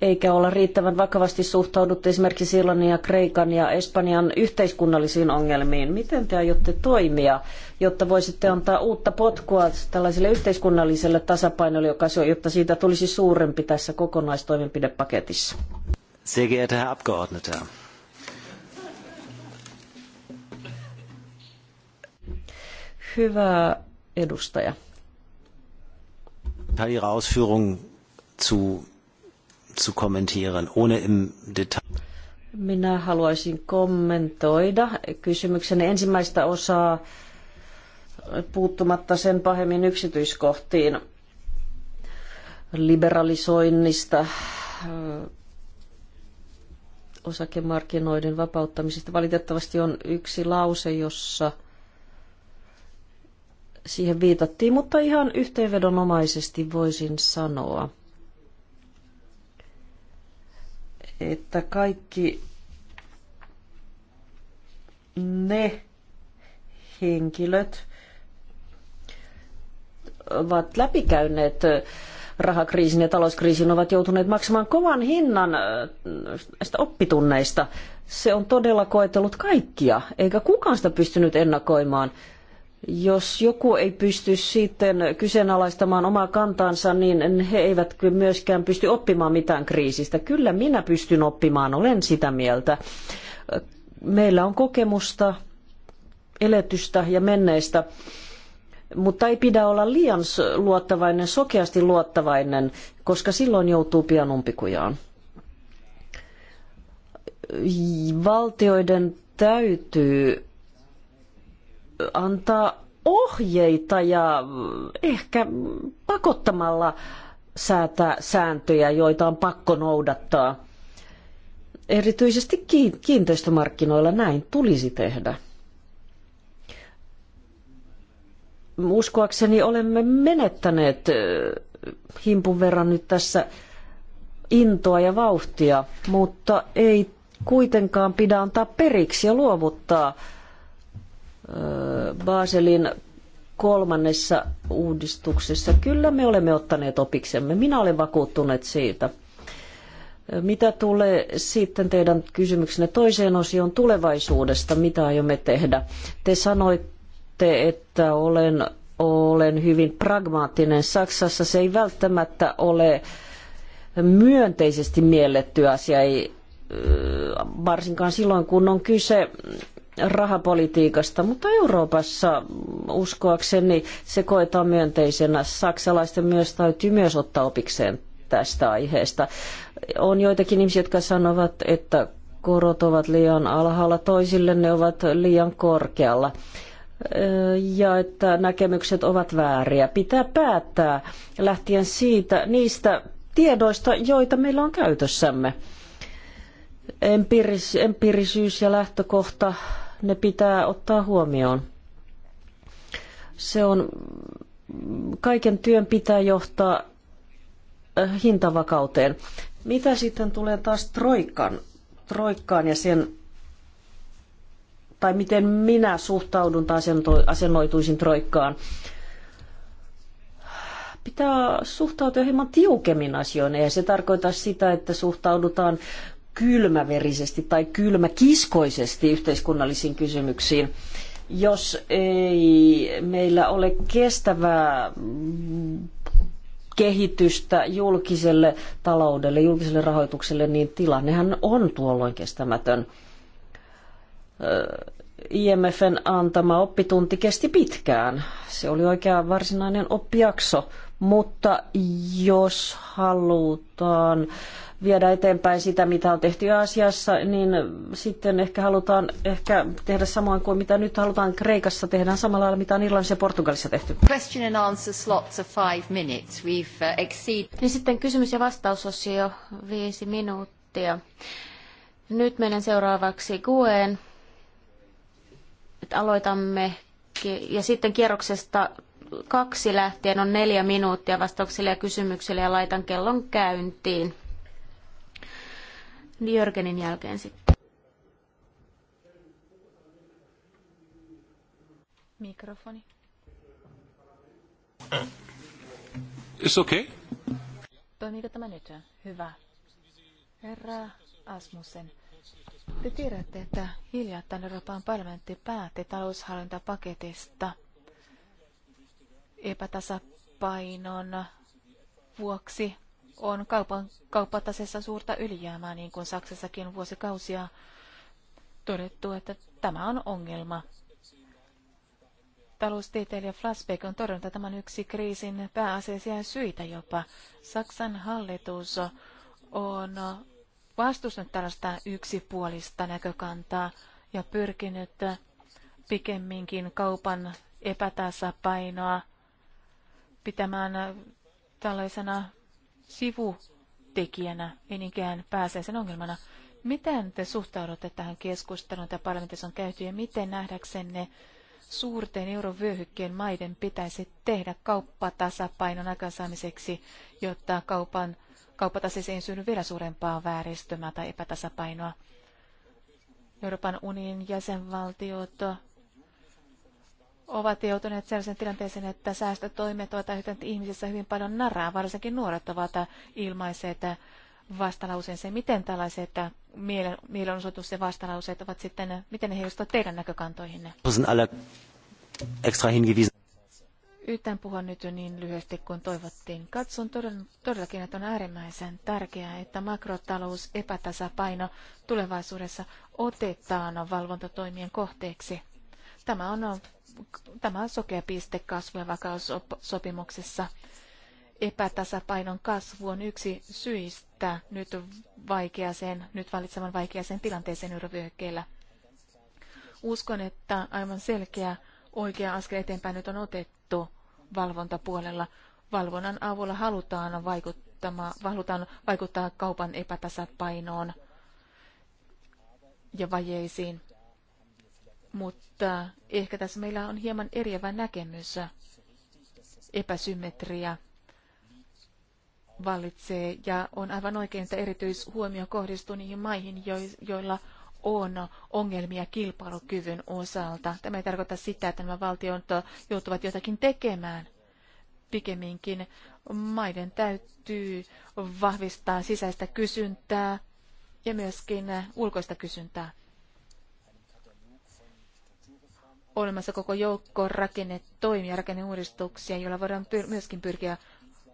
Speaker 3: eikä olla riittävän vakavasti suhtauduttu esimerkiksi Irlannin ja Kreikan ja Espanjan yhteiskunnallisiin ongelmiin. Miten te aiotte toimia, jotta voisitte antaa uutta potkua tällaiselle yhteiskunnalliselle tasapainolle, joka, jotta siitä tulisi suurempi tässä kokonaistoimenpidepaketissa?
Speaker 4: Sehr geehrter Herr Abgeordneter.
Speaker 3: Hyvä edustaja.
Speaker 4: Ihre zu zu kommentieren, ohne im Detail.
Speaker 3: Minä haluaisin kommentoida kysymyksen ensimmäistä osaa puuttumatta sen pahemmin yksityiskohtiin liberalisoinnista, äh, osakemarkkinoiden vapauttamisesta. Valitettavasti on yksi lause, jossa siihen viitattiin, mutta ihan yhteenvedonomaisesti voisin sanoa – että kaikki ne henkilöt ovat läpikäyneet rahakriisin ja talouskriisin, ovat joutuneet maksamaan kovan hinnan äh, näistä oppitunneista. Se on todella koetellut kaikkia, eikä kukaan sitä pystynyt ennakoimaan jos joku ei pysty sitten kyseenalaistamaan omaa kantaansa, niin he eivät myöskään pysty oppimaan mitään kriisistä. Kyllä minä pystyn oppimaan, olen sitä mieltä. Meillä on kokemusta, eletystä ja menneistä, mutta ei pidä olla liian luottavainen, sokeasti luottavainen, koska silloin joutuu pian umpikujaan. Valtioiden täytyy antaa ohjeita ja ehkä pakottamalla säätää sääntöjä, joita on pakko noudattaa. Erityisesti kiinteistömarkkinoilla näin tulisi tehdä. Uskoakseni olemme menettäneet himpun verran nyt tässä intoa ja vauhtia, mutta ei kuitenkaan pidä antaa periksi ja luovuttaa Baselin kolmannessa uudistuksessa. Kyllä me olemme ottaneet opiksemme. Minä olen vakuuttunut siitä. Mitä tulee sitten teidän kysymyksenne toiseen osioon tulevaisuudesta, mitä aiomme tehdä? Te sanoitte, että olen, olen hyvin pragmaattinen. Saksassa se ei välttämättä ole myönteisesti mielletty asia, ei, varsinkaan silloin kun on kyse rahapolitiikasta, mutta Euroopassa uskoakseni se koetaan myönteisenä. Saksalaisten myös täytyy myös ottaa opikseen tästä aiheesta. On joitakin ihmisiä, jotka sanovat, että korot ovat liian alhaalla, toisille ne ovat liian korkealla ja että näkemykset ovat vääriä. Pitää päättää lähtien siitä niistä tiedoista, joita meillä on käytössämme. Empiris, empirisyys ja lähtökohta ne pitää ottaa huomioon. Se on, kaiken työn pitää johtaa äh, hintavakauteen. Mitä sitten tulee taas troikkaan, troikkaan ja sen, tai miten minä suhtaudun tai asennoituisin troikkaan? Pitää suhtautua hieman tiukemmin asioihin. ja se tarkoita sitä, että suhtaudutaan kylmäverisesti tai kylmäkiskoisesti yhteiskunnallisiin kysymyksiin. Jos ei meillä ole kestävää kehitystä julkiselle taloudelle, julkiselle rahoitukselle, niin tilannehan on tuolloin kestämätön. IMFn antama oppitunti kesti pitkään. Se oli oikea varsinainen oppijakso, mutta jos halutaan viedä eteenpäin sitä, mitä on tehty Aasiassa, niin sitten ehkä halutaan ehkä tehdä samoin kuin mitä nyt halutaan Kreikassa, tehdä samalla lailla, mitä on Irlannissa ja Portugalissa tehty.
Speaker 2: Question and answer slots of five minutes. We've
Speaker 1: uh, exceed... Niin sitten kysymys- ja vastausosio viisi minuuttia. Nyt menen seuraavaksi Guen. Aloitamme ja sitten kierroksesta kaksi lähtien on neljä minuuttia vastauksille ja kysymyksille ja laitan kellon käyntiin. Jörgenin jälkeen sitten.
Speaker 2: Mikrofoni. It's okay. Toimiiko tämä nyt? Hyvä. Herra Asmussen, te tiedätte, että hiljattain Euroopan parlamentti päätti taloushallintapaketista epätasapainon vuoksi on kaupan, kauppatasessa suurta ylijäämää, niin kuin Saksassakin vuosikausia todettu, että tämä on ongelma. Taloustieteilijä Flasbeck on todennut, tämän yksi kriisin pääasiallisia syitä jopa. Saksan hallitus on vastustanut tällaista yksipuolista näkökantaa ja pyrkinyt pikemminkin kaupan epätasapainoa pitämään tällaisena sivutekijänä, ei niinkään pääsäisen ongelmana. Miten te suhtaudutte tähän keskusteluun, jota parlamentissa on käyty, ja miten nähdäksenne suurten eurovyöhykkien maiden pitäisi tehdä kauppatasapainon aikaansaamiseksi, jotta kaupan, kauppataseeseen ei synny vielä suurempaa vääristymää tai epätasapainoa? Euroopan unionin jäsenvaltiot ovat joutuneet sellaisen tilanteeseen, että säästötoimet ovat aiheuttaneet ihmisissä hyvin paljon naraa, varsinkin nuoret ovat ilmaiseet vastalauseen se, miten tällaiset mielenosoitus ja vastalauseet ovat sitten, miten ne heijastuvat teidän näkökantoihinne? Yhtään puhua nyt jo niin lyhyesti kuin toivottiin. Katson todellakin, että on äärimmäisen tärkeää, että makrotalous epätasapaino tulevaisuudessa otetaan valvontatoimien kohteeksi. Tämä on Tämä on sokea piste kasvu- ja vakaussopimuksessa. Epätasapainon kasvu on yksi syistä nyt, vaikeaseen, nyt valitsevan vaikeaseen tilanteeseen eurovyöhykkeellä. Uskon, että aivan selkeä oikea askel eteenpäin nyt on otettu valvontapuolella. Valvonnan avulla halutaan, vaikuttaa, halutaan vaikuttaa kaupan epätasapainoon ja vajeisiin mutta ehkä tässä meillä on hieman eriävä näkemys. Epäsymmetria vallitsee ja on aivan oikein, että erityishuomio kohdistuu niihin maihin, joilla on ongelmia kilpailukyvyn osalta. Tämä ei tarkoita sitä, että nämä valtiot joutuvat jotakin tekemään. Pikemminkin maiden täytyy vahvistaa sisäistä kysyntää ja myöskin ulkoista kysyntää. olemassa koko joukko rakennetoimia, rakenneuudistuksia, joilla voidaan pyr- myöskin pyrkiä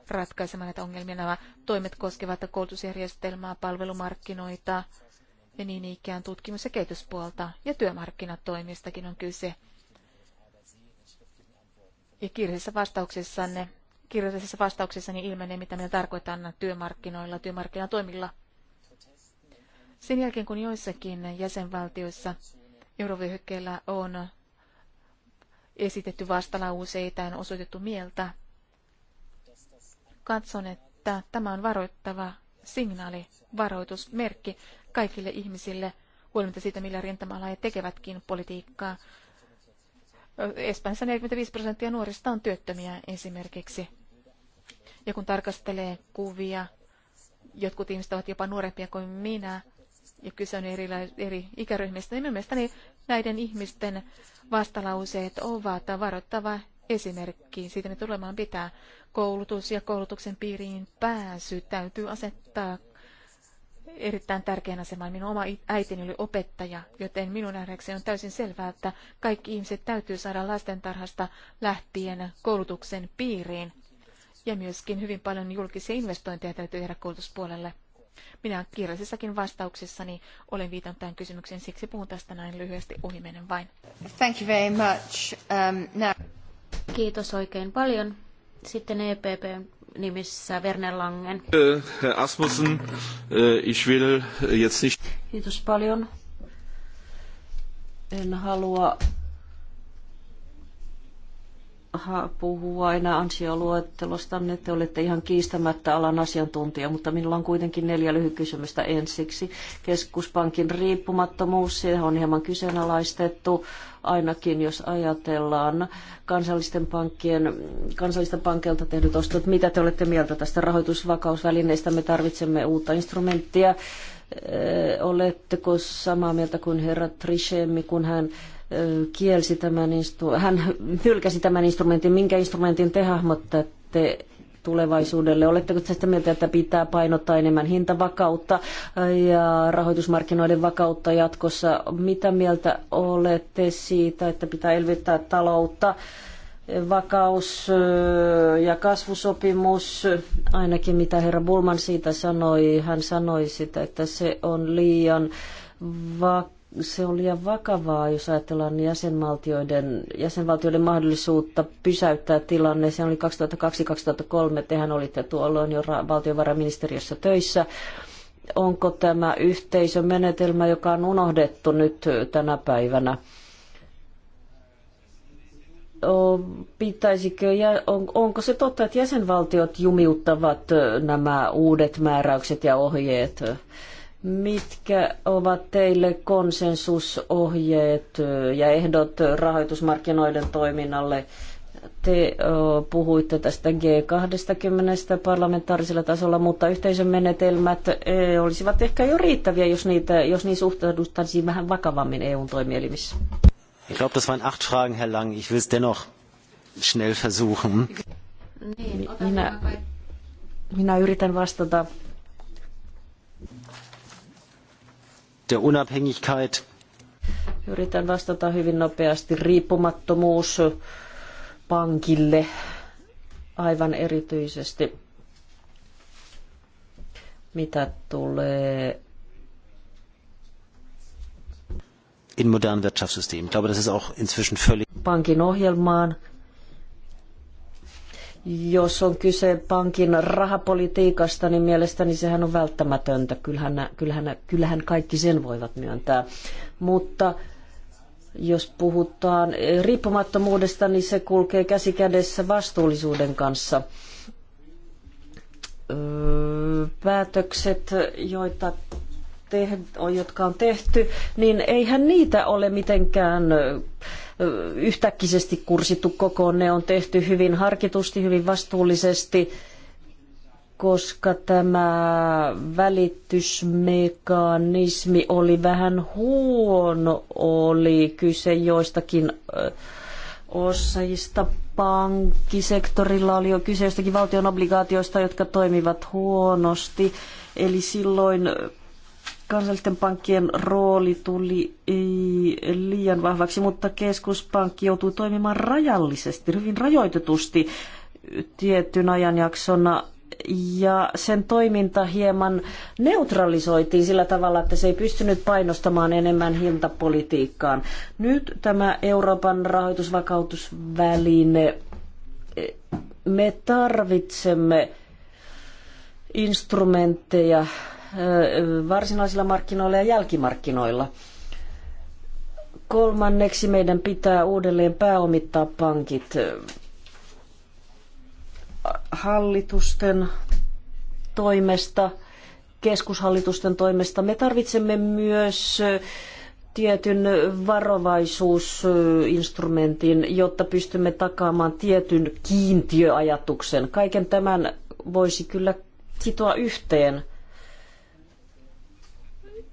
Speaker 2: ratkaisemaan näitä ongelmia. Nämä toimet koskevat koulutusjärjestelmää, palvelumarkkinoita ja niin ikään tutkimus- ja kehityspuolta ja työmarkkinatoimistakin on kyse. Ja kirjallisessa vastauksessanne kirjallisessa vastauksessani ilmenee, mitä minä tarkoitan työmarkkinoilla, työmarkkinatoimilla. Sen jälkeen, kun joissakin jäsenvaltioissa eurovyöhykkeellä on esitetty vastalauseita ja osoitettu mieltä. Katson, että tämä on varoittava signaali, varoitusmerkki kaikille ihmisille, huolimatta siitä, millä rintamalla he tekevätkin politiikkaa. Espanjassa 45 prosenttia nuorista on työttömiä esimerkiksi. Ja kun tarkastelee kuvia, jotkut ihmiset ovat jopa nuorempia kuin minä, ja kyse on eri, eri ikäryhmistä, niin mielestäni näiden ihmisten vastalauseet ovat varoittava esimerkki. Siitä ne tulemaan pitää. Koulutus ja koulutuksen piiriin pääsy täytyy asettaa erittäin tärkeän aseman. Minun oma äitini oli opettaja, joten minun nähdäkseni on täysin selvää, että kaikki ihmiset täytyy saada lastentarhasta lähtien koulutuksen piiriin. Ja myöskin hyvin paljon julkisia investointeja täytyy tehdä koulutuspuolelle. Minä kirjallisissakin vastauksissani olen viitannut tähän kysymykseen, siksi puhun tästä näin lyhyesti ohimenen vain. Thank you very much.
Speaker 1: Um, now... Kiitos oikein paljon. Sitten EPP nimissä Werner Langen.
Speaker 3: Äh, Herr Asmussen, äh, ich will äh, jetzt nicht... Kiitos paljon. En halua puhuu aina niin Te olette ihan kiistämättä alan asiantuntija, mutta minulla on kuitenkin neljä lyhyt kysymystä ensiksi. Keskuspankin riippumattomuus, se on hieman kyseenalaistettu, ainakin jos ajatellaan kansallisten pankkien, kansallisten pankkeilta tehdyt ostot. Mitä te olette mieltä tästä rahoitusvakausvälineestä? Me tarvitsemme uutta instrumenttia. Oletteko samaa mieltä kuin herra Trishemi, kun hän kielsi tämän instru- hän hylkäsi tämän instrumentin. Minkä instrumentin te hahmottatte tulevaisuudelle? Oletteko te sitä mieltä, että pitää painottaa enemmän hintavakautta ja rahoitusmarkkinoiden vakautta jatkossa? Mitä mieltä olette siitä, että pitää elvyttää taloutta? Vakaus- ja kasvusopimus, ainakin mitä herra Bulman siitä sanoi, hän sanoi sitä, että se on liian vakaus se on liian vakavaa, jos ajatellaan jäsenvaltioiden, jäsenvaltioiden mahdollisuutta pysäyttää tilanne. Se oli 2002-2003, tehän olitte tuolloin jo valtiovarainministeriössä töissä. Onko tämä yhteisön menetelmä, joka on unohdettu nyt tänä päivänä? pitäisikö onko se totta, että jäsenvaltiot jumiuttavat nämä uudet määräykset ja ohjeet? Mitkä ovat teille konsensusohjeet ja ehdot rahoitusmarkkinoiden toiminnalle? Te puhuitte tästä G20 parlamentaarisella tasolla, mutta yhteisön menetelmät olisivat ehkä jo riittäviä, jos, niitä, jos niin suhtauduttaisiin vähän vakavammin EUn toimielimissä.
Speaker 4: Ich glaube, das waren acht Fragen, Herr Lang. Ich will es dennoch schnell versuchen.
Speaker 3: Niin, minä, minä yritän vastata
Speaker 4: der Unabhängigkeit.
Speaker 3: Yritän vastata hyvin nopeasti. Riippumattomuus pankille aivan erityisesti, mitä tulee
Speaker 4: in modernen Wirtschaftssystem. Ich glaube, das ist auch inzwischen völlig
Speaker 3: Pankin ohjelmaan, jos on kyse pankin rahapolitiikasta, niin mielestäni sehän on välttämätöntä. Kyllähän, kyllähän, kyllähän kaikki sen voivat myöntää. Mutta jos puhutaan riippumattomuudesta, niin se kulkee käsi kädessä vastuullisuuden kanssa. Päätökset, joita te, jotka on tehty, niin eihän niitä ole mitenkään yhtäkkisesti kursittu kokoon. Ne on tehty hyvin harkitusti, hyvin vastuullisesti, koska tämä välitysmekanismi oli vähän huono, oli kyse joistakin osajista pankkisektorilla oli jo kyse jostakin valtion obligaatioista, jotka toimivat huonosti. Eli silloin kansallisten pankkien rooli tuli liian vahvaksi, mutta keskuspankki joutui toimimaan rajallisesti, hyvin rajoitetusti tietyn ajanjaksona ja sen toiminta hieman neutralisoitiin sillä tavalla, että se ei pystynyt painostamaan enemmän hintapolitiikkaan. Nyt tämä Euroopan rahoitusvakautusväline, me tarvitsemme instrumentteja, varsinaisilla markkinoilla ja jälkimarkkinoilla. Kolmanneksi meidän pitää uudelleen pääomittaa pankit hallitusten toimesta, keskushallitusten toimesta. Me tarvitsemme myös tietyn varovaisuusinstrumentin, jotta pystymme takaamaan tietyn kiintiöajatuksen. Kaiken tämän voisi kyllä sitoa yhteen –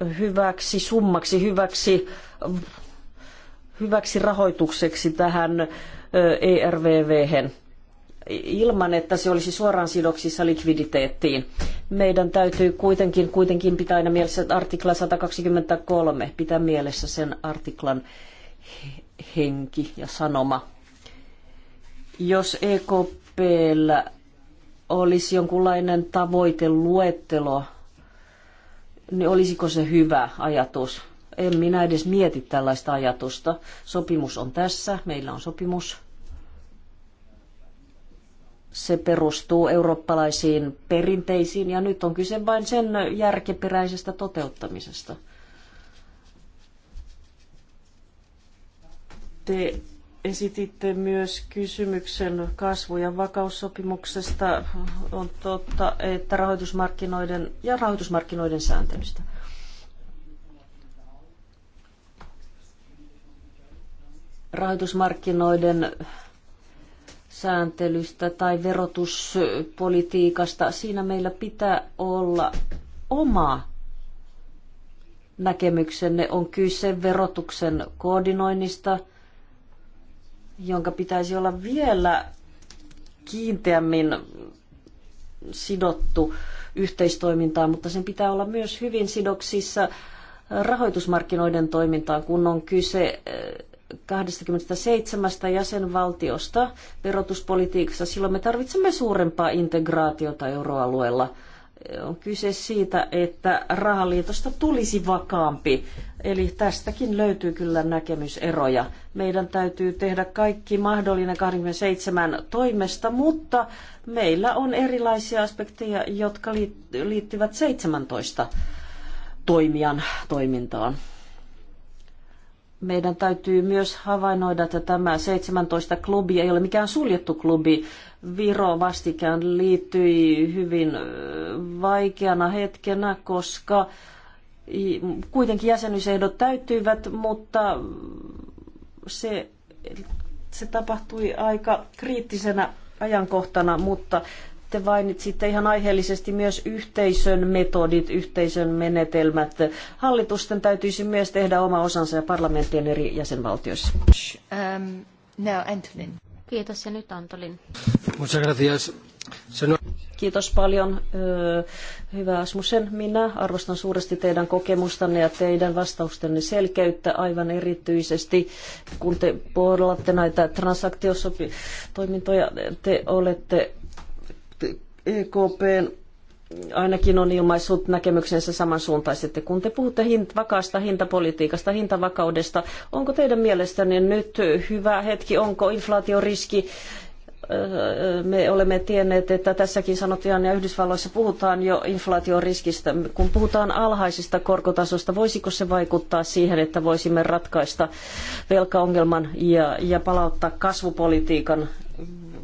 Speaker 3: hyväksi summaksi, hyväksi, hyväksi rahoitukseksi tähän ERVVhen ilman, että se olisi suoraan sidoksissa likviditeettiin. Meidän täytyy kuitenkin, kuitenkin pitää aina mielessä artikla 123, pitää mielessä sen artiklan henki ja sanoma. Jos EKPllä olisi jonkunlainen tavoiteluettelo niin olisiko se hyvä ajatus? En minä edes mieti tällaista ajatusta. Sopimus on tässä, meillä on sopimus. Se perustuu eurooppalaisiin perinteisiin ja nyt on kyse vain sen järkeperäisestä toteuttamisesta. Te Esititte myös kysymyksen kasvu- ja vakaussopimuksesta. On totta, että rahoitusmarkkinoiden ja rahoitusmarkkinoiden sääntelystä. Rahoitusmarkkinoiden sääntelystä tai verotuspolitiikasta. Siinä meillä pitää olla oma näkemyksenne. On kyse verotuksen koordinoinnista – jonka pitäisi olla vielä kiinteämmin sidottu yhteistoimintaan, mutta sen pitää olla myös hyvin sidoksissa rahoitusmarkkinoiden toimintaan, kun on kyse 27 eh, jäsenvaltiosta verotuspolitiikassa. Silloin me tarvitsemme suurempaa integraatiota euroalueella – on kyse siitä, että rahaliitosta tulisi vakaampi. Eli tästäkin löytyy kyllä näkemyseroja. Meidän täytyy tehdä kaikki mahdollinen 27 toimesta, mutta meillä on erilaisia aspekteja, jotka liittyvät 17 toimijan toimintaan. Meidän täytyy myös havainnoida, että tämä 17 klubi ei ole mikään suljettu klubi. Viro vastikään liittyi hyvin vaikeana hetkenä, koska kuitenkin jäsenyysehdot täyttyivät, mutta se, se tapahtui aika kriittisenä ajankohtana, mutta te mainitsitte ihan aiheellisesti myös yhteisön metodit, yhteisön menetelmät. Hallitusten täytyisi myös tehdä oma osansa ja parlamenttien eri jäsenvaltioissa.
Speaker 2: Um, no,
Speaker 1: Antolin. Kiitos ja nyt Antolin.
Speaker 2: Muchas gracias. No-
Speaker 3: Kiitos paljon, hyvä Asmusen. Minä arvostan suuresti teidän kokemustanne ja teidän vastaustenne selkeyttä aivan erityisesti, kun te puolatte näitä transaktiotoimintoja. Te olette EKPn ainakin on ilmaissut näkemyksensä samansuuntaisesti. Kun te puhutte hint, vakaasta hintapolitiikasta, hintavakaudesta, onko teidän mielestänne nyt hyvä hetki, onko inflaatioriski riski me olemme tienneet, että tässäkin sanotaan ja Yhdysvalloissa puhutaan jo inflaatioriskistä. Kun puhutaan alhaisista korkotasosta, voisiko se vaikuttaa siihen, että voisimme ratkaista velkaongelman ja, ja palauttaa kasvupolitiikan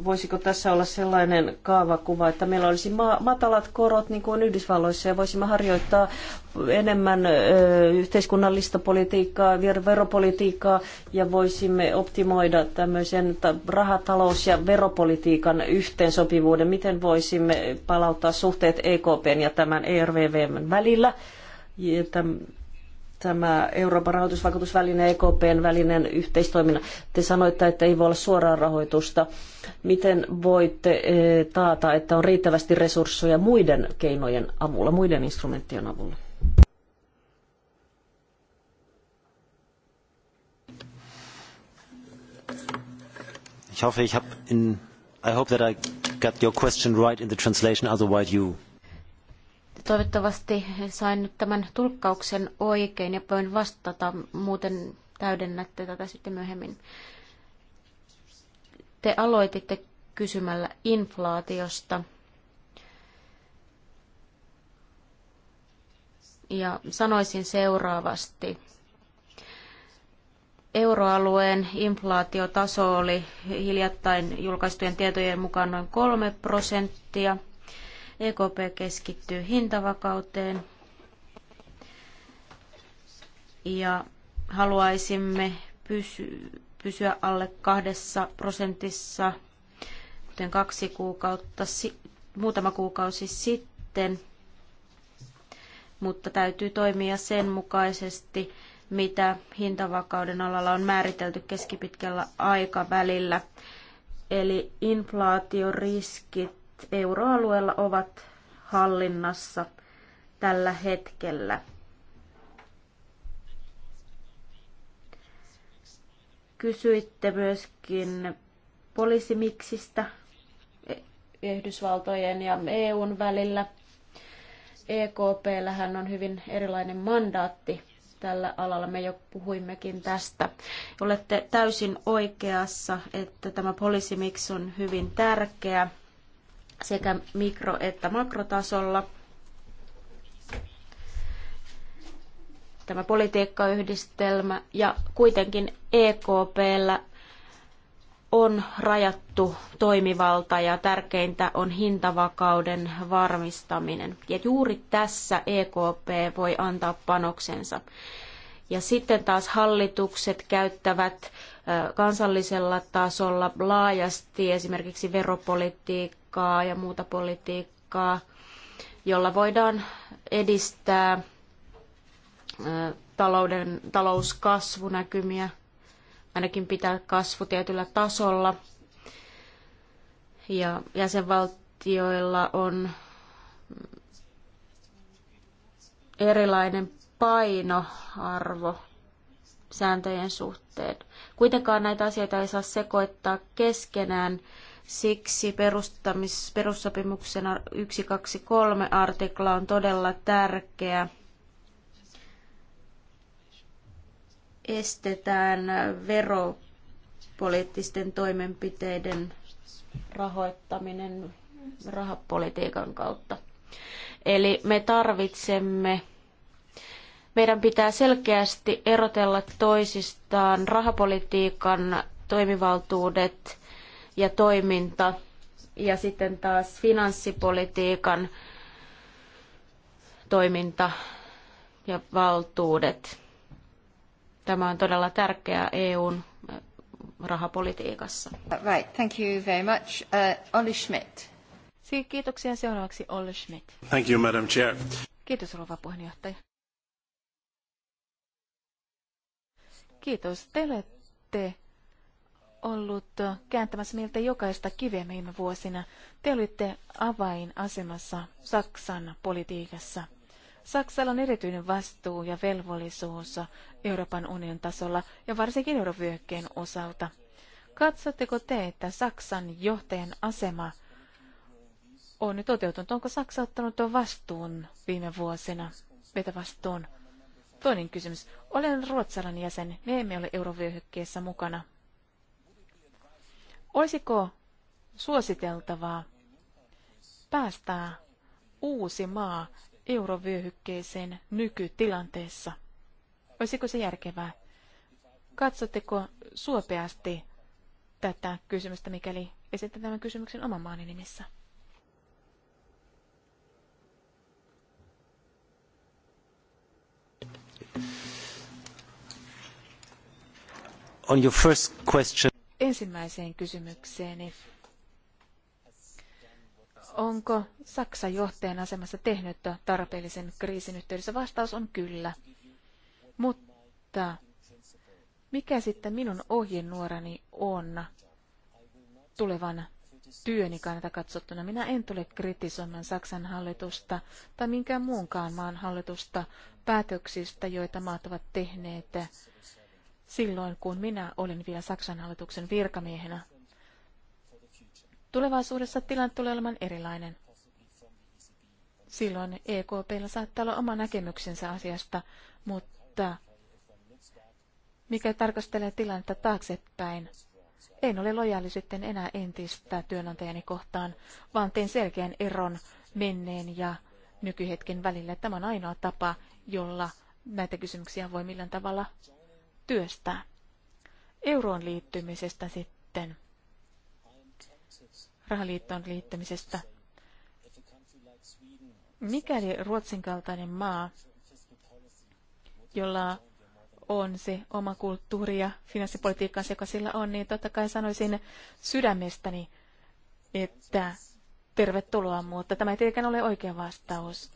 Speaker 3: voisiko tässä olla sellainen kaavakuva, että meillä olisi matalat korot niin kuin Yhdysvalloissa ja voisimme harjoittaa enemmän yhteiskunnallista politiikkaa, veropolitiikkaa ja voisimme optimoida tämmöisen rahatalous- ja veropolitiikan yhteensopivuuden, miten voisimme palauttaa suhteet EKPn ja tämän ERVVn välillä tämä Euroopan rahoitusvakuutusväline ja e EKPn välinen yhteistoiminta. Te sanoitte, että ei voi olla suoraa rahoitusta. Miten voitte eh, taata, että on riittävästi resursseja muiden keinojen avulla, muiden instrumenttien avulla?
Speaker 4: Ich hoffe, ich habe in I hope that I got your question right in the translation, otherwise you
Speaker 1: Toivottavasti sain nyt tämän tulkkauksen oikein ja voin vastata, muuten täydennätte tätä sitten myöhemmin. Te aloititte kysymällä inflaatiosta. Ja sanoisin seuraavasti. Euroalueen inflaatiotaso oli hiljattain julkaistujen tietojen mukaan noin 3 prosenttia – EKP keskittyy hintavakauteen ja haluaisimme pysy- pysyä alle kahdessa prosentissa, kuten kaksi kuukautta, muutama kuukausi sitten, mutta täytyy toimia sen mukaisesti, mitä hintavakauden alalla on määritelty keskipitkällä aikavälillä. Eli inflaatioriskit euroalueella ovat hallinnassa tällä hetkellä. Kysyitte myöskin poliisimiksistä Yhdysvaltojen ja EUn välillä. EKPllähän on hyvin erilainen mandaatti tällä alalla. Me jo puhuimmekin tästä. Olette täysin oikeassa, että tämä poliisimix on hyvin tärkeä sekä mikro- että makrotasolla. Tämä politiikkayhdistelmä ja kuitenkin EKPllä on rajattu toimivalta ja tärkeintä on hintavakauden varmistaminen. Ja juuri tässä EKP voi antaa panoksensa. Ja sitten taas hallitukset käyttävät kansallisella tasolla laajasti esimerkiksi veropolitiikkaa politiikkaa ja muuta politiikkaa, jolla voidaan edistää talouden, talouskasvunäkymiä, ainakin pitää kasvu tietyllä tasolla. Ja jäsenvaltioilla on erilainen painoarvo sääntöjen suhteen. Kuitenkaan näitä asioita ei saa sekoittaa keskenään, Siksi perussopimuksen 123 artikla on todella tärkeä. Estetään veropoliittisten toimenpiteiden rahoittaminen rahapolitiikan kautta. Eli me tarvitsemme, meidän pitää selkeästi erotella toisistaan rahapolitiikan toimivaltuudet ja toiminta ja sitten taas finanssipolitiikan toiminta ja valtuudet. Tämä on todella tärkeää EUn äh, rahapolitiikassa.
Speaker 2: Right, thank you very much. Uh, Olli Schmidt. Kiitoksia seuraavaksi Olli Schmidt.
Speaker 4: Thank you, Madam Chair.
Speaker 2: Kiitos, rouva puheenjohtaja. Kiitos. Te olette ollut kääntämässä meiltä jokaista kiveä viime vuosina. Te olitte avainasemassa Saksan politiikassa. Saksalla on erityinen vastuu ja velvollisuus Euroopan unionin tasolla ja varsinkin eurovyöhykkeen osalta. Katsotteko te, että Saksan johtajan asema on nyt toteutunut? Onko Saksa ottanut tuon vastuun viime vuosina? Vetä vastuun. Toinen kysymys. Olen ruotsalainen jäsen. Me emme ole eurovyöhykkeessä mukana. Olisiko suositeltavaa päästää uusi maa eurovyöhykkeeseen nykytilanteessa? Olisiko se järkevää? Katsotteko suopeasti tätä kysymystä, mikäli esitän tämän kysymyksen oman maani nimissä?
Speaker 4: On your first question
Speaker 2: ensimmäiseen kysymykseeni. Onko Saksa johtajan asemassa tehnyt tarpeellisen kriisin yhteydessä? Vastaus on kyllä. Mutta mikä sitten minun ohjenuorani on tulevan työni kannalta katsottuna? Minä en tule kritisoimaan Saksan hallitusta tai minkään muunkaan maan hallitusta päätöksistä, joita maat ovat tehneet silloin, kun minä olin vielä Saksan hallituksen virkamiehenä. Tulevaisuudessa tilanne tulee olemaan erilainen. Silloin EKPllä saattaa olla oma näkemyksensä asiasta, mutta mikä tarkastelee tilannetta taaksepäin, en ole lojaali sitten enää entistä työnantajani kohtaan, vaan teen selkeän eron menneen ja nykyhetken välillä. Tämä on ainoa tapa, jolla näitä kysymyksiä voi millään tavalla työstä, Euroon liittymisestä sitten, rahaliittoon liittymisestä. Mikäli Ruotsin kaltainen maa, jolla on se oma kulttuuri ja finanssipolitiikka, joka sillä on, niin totta kai sanoisin sydämestäni, että tervetuloa, mutta tämä ei tietenkään ole oikea vastaus.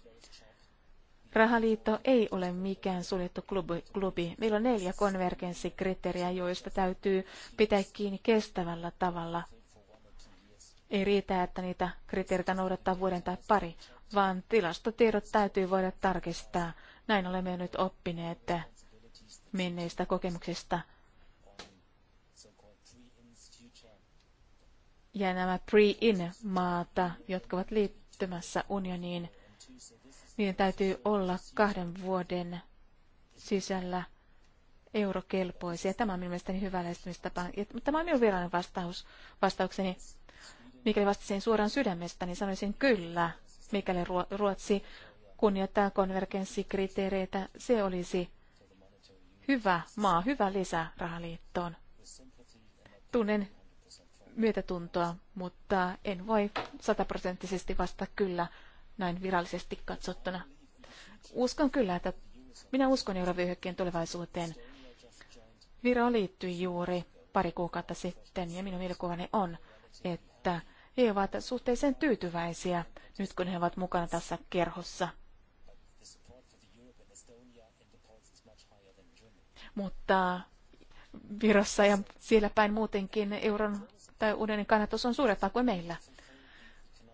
Speaker 2: Rahaliitto ei ole mikään suljettu klubi. klubi. Meillä on neljä konvergenssikriteeriä, joista täytyy pitää kiinni kestävällä tavalla. Ei riitä, että niitä kriteereitä noudattaa vuoden tai pari, vaan tilastotiedot täytyy voida tarkistaa. Näin olemme nyt oppineet menneistä kokemuksista. Ja nämä pre-in-maata, jotka ovat liittymässä unioniin, niiden täytyy olla kahden vuoden sisällä eurokelpoisia. Tämä on minun mielestäni hyvä lähestymistapa. Tämä on minun virallinen vastaus, vastaukseni. Mikäli vastasin suoraan sydämestä, niin sanoisin kyllä. Mikäli Ruotsi kunnioittaa konvergenssikriteereitä, se olisi hyvä maa, hyvä lisä rahaliittoon. Tunnen myötätuntoa, mutta en voi sataprosenttisesti vastata kyllä näin virallisesti katsottuna. Uskon kyllä, että minä uskon eurovyöhykkeen tulevaisuuteen. Viro liittyi juuri pari kuukautta sitten, ja minun mielikuvani on, että he ovat suhteellisen tyytyväisiä nyt, kun he ovat mukana tässä kerhossa. Mutta Virossa ja siellä päin muutenkin euron tai uuden kannatus on suurempaa kuin meillä.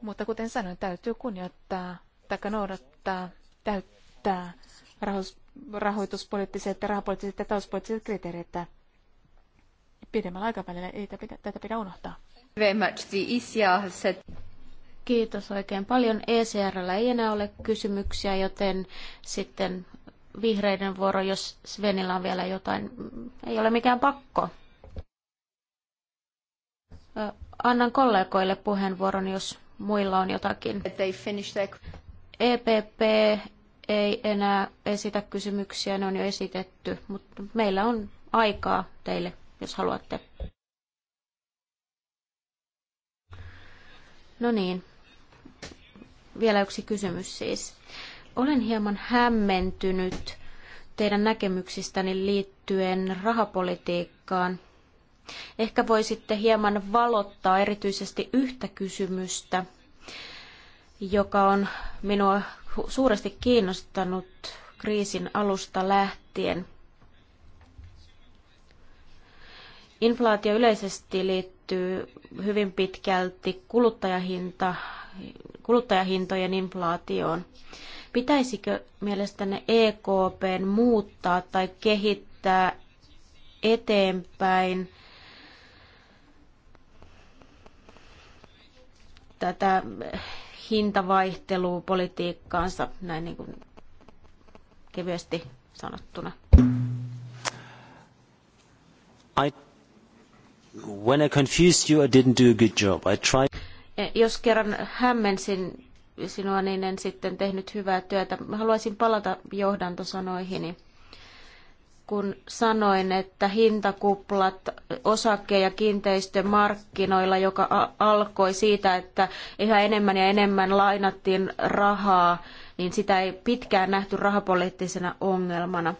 Speaker 2: Mutta kuten sanoin, täytyy kunnioittaa tai noudattaa, täyttää rahoitus, rahoituspoliittiset, rahapoliittiset ja talouspoliittiset kriteerit. Pidemmällä aikavälillä ei tätä pidä, tätä pidä unohtaa. E Kiitos oikein paljon. ECRllä
Speaker 1: ei enää ole kysymyksiä, joten sitten vihreiden vuoro, jos Svenillä on vielä jotain. Ei ole mikään pakko. Annan kollegoille puheenvuoron, jos muilla on jotakin. EPP e ei enää esitä kysymyksiä, ne on jo esitetty, mutta meillä on aikaa teille, jos haluatte. No niin, vielä yksi kysymys siis. Olen hieman hämmentynyt teidän näkemyksistäni liittyen rahapolitiikkaan – Ehkä voisitte hieman valottaa erityisesti yhtä kysymystä, joka on minua suuresti kiinnostanut kriisin alusta lähtien. Inflaatio yleisesti liittyy hyvin pitkälti kuluttajahinta, kuluttajahintojen inflaatioon. Pitäisikö mielestänne EKPn muuttaa tai kehittää eteenpäin tätä politiikkaansa näin niin kuin kevyesti sanottuna?
Speaker 4: I, when I confused you, I didn't do a good job. I tried...
Speaker 1: Jos kerran hämmensin sinua, niin en sitten tehnyt hyvää työtä. Haluaisin palata johdantosanoihini kun sanoin, että hintakuplat osake- ja kiinteistömarkkinoilla, joka alkoi siitä, että yhä enemmän ja enemmän lainattiin rahaa, niin sitä ei pitkään nähty rahapoliittisena ongelmana.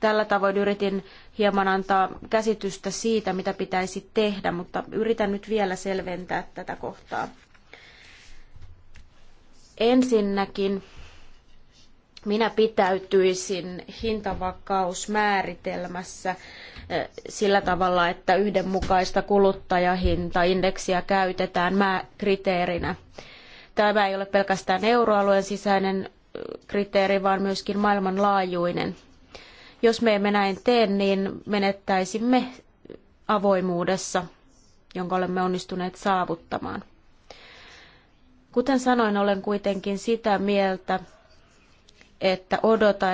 Speaker 1: Tällä tavoin yritin hieman antaa käsitystä siitä, mitä pitäisi tehdä, mutta yritän nyt vielä selventää tätä kohtaa. Ensinnäkin minä pitäytyisin hintavakausmääritelmässä eh, sillä tavalla, että yhdenmukaista kuluttajahintaindeksiä käytetään kriteerinä. Tämä ei ole pelkästään euroalueen sisäinen eh, kriteeri, vaan myöskin maailmanlaajuinen. Jos me emme näin tee, niin menettäisimme avoimuudessa, jonka olemme onnistuneet saavuttamaan. Kuten sanoin, olen kuitenkin sitä mieltä, että odota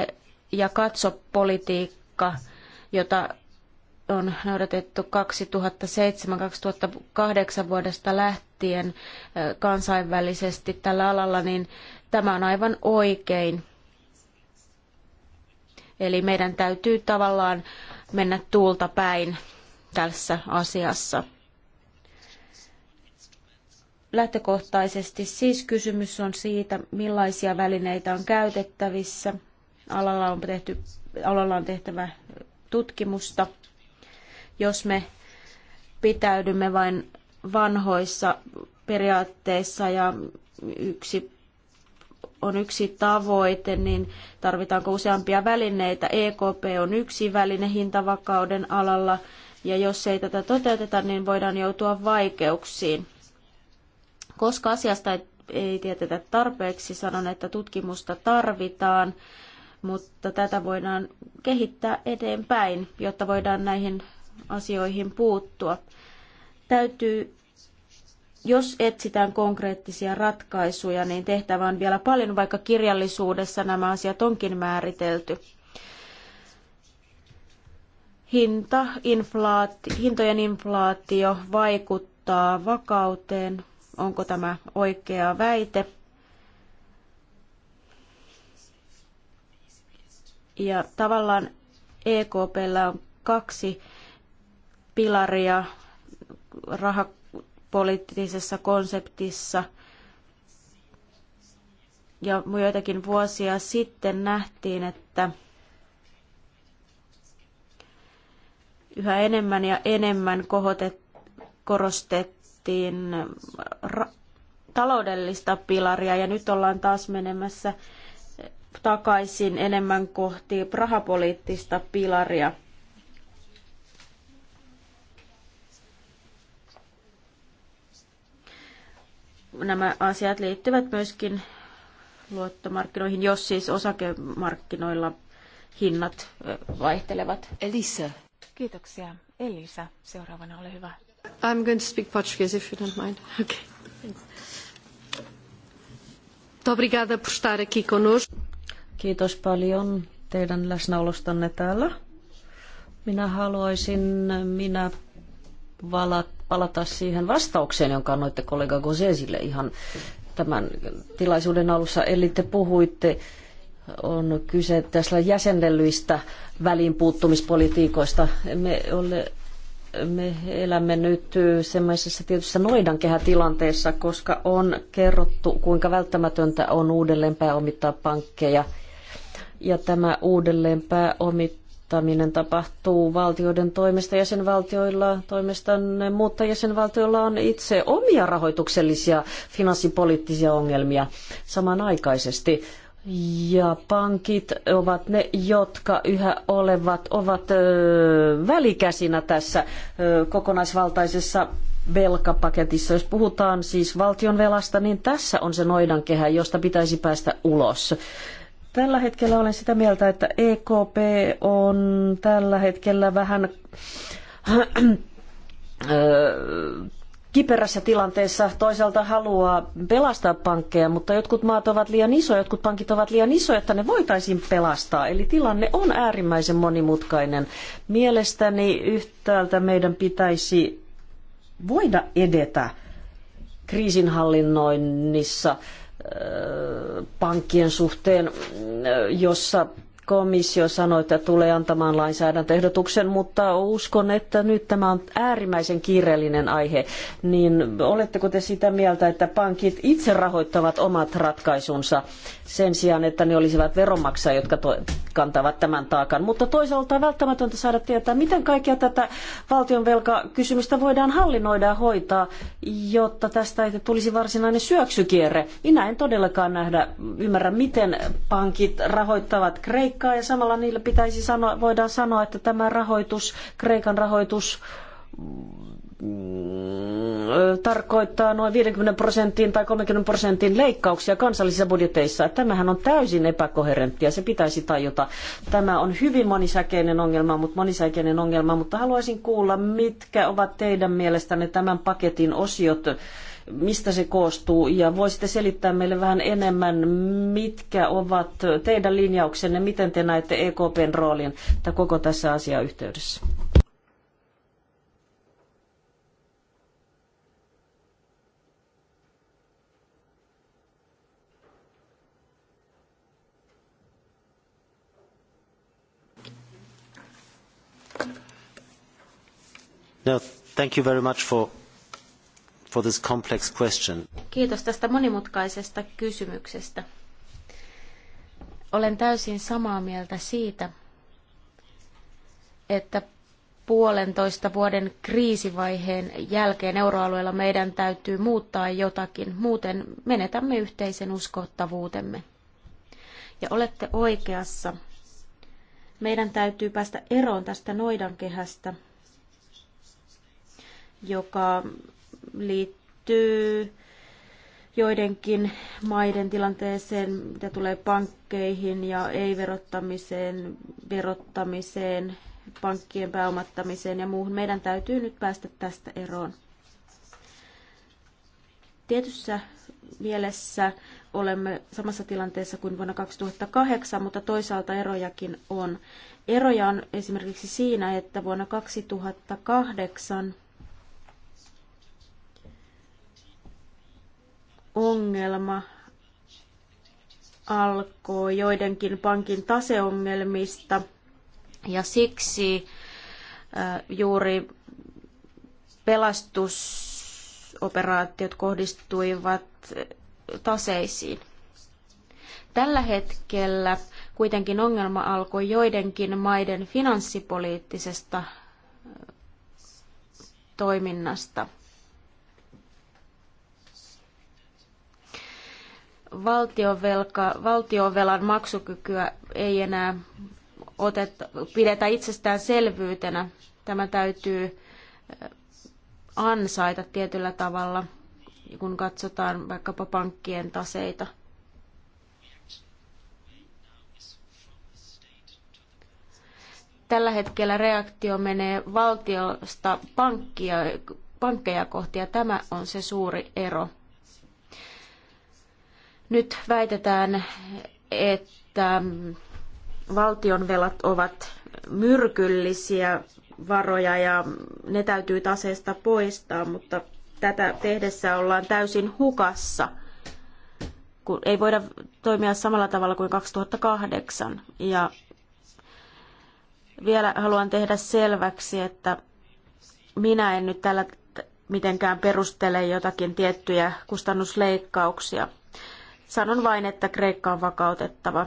Speaker 1: ja katso politiikka, jota on noudatettu 2007-2008 vuodesta lähtien kansainvälisesti tällä alalla, niin tämä on aivan oikein. Eli meidän täytyy tavallaan mennä tuulta päin tässä asiassa. Lähtökohtaisesti siis kysymys on siitä, millaisia välineitä on käytettävissä. Alalla on, tehty, alalla on tehtävä tutkimusta. Jos me pitäydymme vain vanhoissa periaatteissa ja yksi on yksi tavoite, niin tarvitaanko useampia välineitä? EKP on yksi väline hintavakauden alalla, ja jos ei tätä toteuteta, niin voidaan joutua vaikeuksiin. Koska asiasta ei, ei tietetä tarpeeksi, sanon, että tutkimusta tarvitaan, mutta tätä voidaan kehittää eteenpäin, jotta voidaan näihin asioihin puuttua. Täytyy jos etsitään konkreettisia ratkaisuja, niin tehtävä on vielä paljon, vaikka kirjallisuudessa nämä asiat onkin määritelty. Hinta, inflaati hintojen inflaatio vaikuttaa vakauteen, onko tämä oikea väite. Ja tavallaan EKPllä on kaksi pilaria rahapoliittisessa konseptissa. Ja joitakin vuosia sitten nähtiin, että yhä enemmän ja enemmän kohotet, korostet, vahvistettiin taloudellista pilaria ja nyt ollaan taas menemässä takaisin enemmän kohti rahapoliittista pilaria. Nämä asiat liittyvät myöskin luottomarkkinoihin, jos siis osakemarkkinoilla hinnat vaihtelevat. Elisa.
Speaker 2: Kiitoksia. Elisa, seuraavana ole hyvä.
Speaker 1: I'm going to speak Portuguese if you don't mind. (laughs) Okay.
Speaker 3: Muito obrigada por estar aqui conosco. Kiitos paljon teidän läsnäolostanne täällä. Minä haluaisin minä vala, palata siihen vastaukseen, jonka annoitte kollega Gozesille ihan tämän tilaisuuden alussa. Eli te puhuitte, on kyse tässä jäsennellyistä väliinpuuttumispolitiikoista. Me olemme me elämme nyt semmoisessa tietyssä noidankehätilanteessa, koska on kerrottu, kuinka välttämätöntä on uudelleen pääomittaa pankkeja. Ja tämä uudelleen pääomittaminen tapahtuu valtioiden toimesta, jäsenvaltioilla toimesta, mutta jäsenvaltioilla on itse omia rahoituksellisia finanssipoliittisia ongelmia samanaikaisesti. Ja pankit ovat ne, jotka yhä olevat, ovat ö, välikäsinä tässä ö, kokonaisvaltaisessa velkapaketissa. Jos puhutaan siis valtionvelasta, niin tässä on se noidankehä, josta pitäisi päästä ulos. Tällä hetkellä olen sitä mieltä, että EKP on tällä hetkellä vähän kiperässä tilanteessa toisaalta haluaa pelastaa pankkeja, mutta jotkut maat ovat liian isoja, jotkut pankit ovat liian isoja, että ne voitaisiin pelastaa. Eli tilanne on äärimmäisen monimutkainen. Mielestäni yhtäältä meidän pitäisi voida edetä kriisinhallinnoinnissa äh, pankkien suhteen, äh, jossa komissio sanoi, että tulee antamaan lainsäädäntöehdotuksen, mutta uskon, että nyt tämä on äärimmäisen kiireellinen aihe. Niin oletteko te sitä mieltä, että pankit itse rahoittavat omat ratkaisunsa sen sijaan, että ne olisivat veronmaksajia, jotka kantavat tämän taakan? Mutta toisaalta on välttämätöntä saada tietää, miten kaikkea tätä valtionvelkakysymystä voidaan hallinnoida ja hoitaa, jotta tästä ei tulisi varsinainen syöksykierre. Minä en todellakaan nähdä, ymmärrä, miten pankit rahoittavat Kreikkaa Kreikkaa ja samalla niillä pitäisi sanoa, voidaan sanoa, että tämä rahoitus, Kreikan rahoitus mm, tarkoittaa noin 50 prosentin tai 30 prosentin leikkauksia kansallisissa budjeteissa. Tämähän on täysin epäkoherenttia, se pitäisi tajuta. Tämä on hyvin monisäkeinen ongelma, mutta monisäkeinen ongelma, mutta haluaisin kuulla, mitkä ovat teidän mielestänne tämän paketin osiot, mistä se koostuu ja voisitte selittää meille vähän enemmän, mitkä ovat teidän linjauksenne, miten te näette EKPn roolin tai koko tässä asiayhteydessä.
Speaker 4: No, thank you very much for for this complex question.
Speaker 1: Kiitos tästä monimutkaisesta kysymyksestä. Olen täysin samaa mieltä siitä, että puolentoista vuoden kriisivaiheen jälkeen euroalueella meidän täytyy muuttaa jotakin, muuten menetämme yhteisen uskottavuutemme. Ja olette oikeassa. Meidän täytyy päästä eroon tästä noidankehästä, joka liittyy joidenkin maiden tilanteeseen, mitä tulee pankkeihin ja ei-verottamiseen, verottamiseen, pankkien pääomattamiseen ja muuhun. Meidän täytyy nyt päästä tästä eroon. Tietyssä mielessä olemme samassa tilanteessa kuin vuonna 2008, mutta toisaalta erojakin on. Eroja on esimerkiksi siinä, että vuonna 2008 ongelma alkoi joidenkin pankin taseongelmista ja siksi äh, juuri pelastusoperaatiot kohdistuivat taseisiin. Tällä hetkellä kuitenkin ongelma alkoi joidenkin maiden finanssipoliittisesta äh, toiminnasta. valtiovelka, valtiovelan maksukykyä ei enää oteta, pidetä itsestäänselvyytenä. Tämä täytyy äh, ansaita tietyllä tavalla, kun katsotaan vaikkapa pankkien taseita. Tällä hetkellä reaktio menee valtiosta pankkia, pankkeja kohti ja tämä on se suuri ero. Nyt väitetään, että valtionvelat ovat myrkyllisiä varoja ja ne täytyy taseesta poistaa, mutta tätä tehdessä ollaan täysin hukassa. Kun ei voida toimia samalla tavalla kuin 2008. Ja vielä haluan tehdä selväksi, että minä en nyt tällä mitenkään perustele jotakin tiettyjä kustannusleikkauksia – Sanon vain, että Kreikka on vakautettava.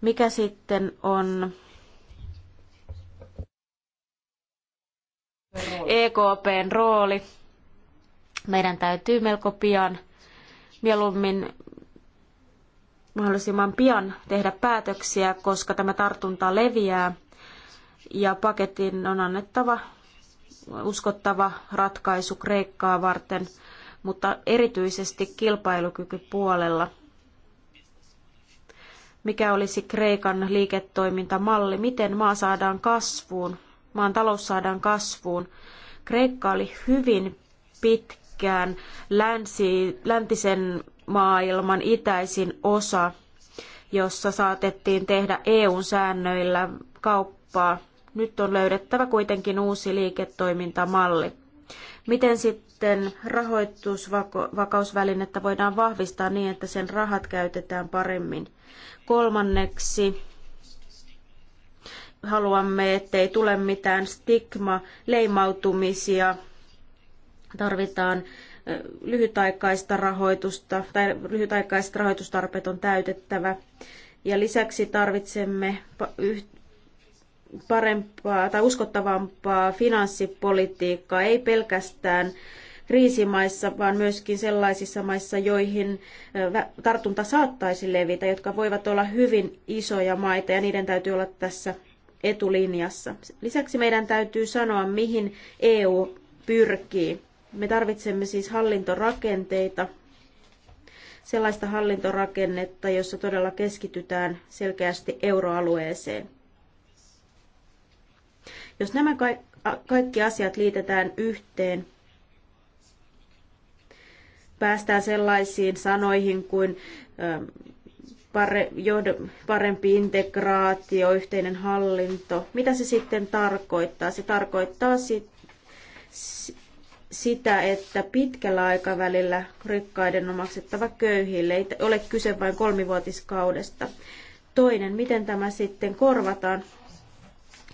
Speaker 1: Mikä sitten on EKPn rooli? Meidän täytyy melko pian, mieluummin mahdollisimman pian tehdä päätöksiä, koska tämä tartunta leviää ja paketin on annettava uskottava ratkaisu Kreikkaa varten – mutta erityisesti kilpailukykypuolella. Mikä olisi Kreikan liiketoimintamalli? Miten maa saadaan kasvuun? Maan talous saadaan kasvuun. Kreikka oli hyvin pitkään länsi, läntisen maailman itäisin osa, jossa saatettiin tehdä EUn säännöillä kauppaa. Nyt on löydettävä kuitenkin uusi liiketoimintamalli. Miten sitten rahoitusvakausvälinettä voidaan vahvistaa niin, että sen rahat käytetään paremmin? Kolmanneksi haluamme, ettei tule mitään stigma, leimautumisia. Tarvitaan lyhytaikaista rahoitusta tai lyhytaikaiset rahoitustarpeet on täytettävä. Ja lisäksi tarvitsemme parempaa tai uskottavampaa finanssipolitiikkaa, ei pelkästään kriisimaissa, vaan myöskin sellaisissa maissa, joihin tartunta saattaisi levitä, jotka voivat olla hyvin isoja maita ja niiden täytyy olla tässä etulinjassa. Lisäksi meidän täytyy sanoa, mihin EU pyrkii. Me tarvitsemme siis hallintorakenteita, sellaista hallintorakennetta, jossa todella keskitytään selkeästi euroalueeseen. Jos nämä kaikki asiat liitetään yhteen, päästään sellaisiin sanoihin kuin ähm, parempi integraatio, yhteinen hallinto. Mitä se sitten tarkoittaa? Se tarkoittaa sit, sitä, että pitkällä aikavälillä rikkaiden on maksettava köyhille. Ei ole kyse vain kolmivuotiskaudesta. Toinen, miten tämä sitten korvataan?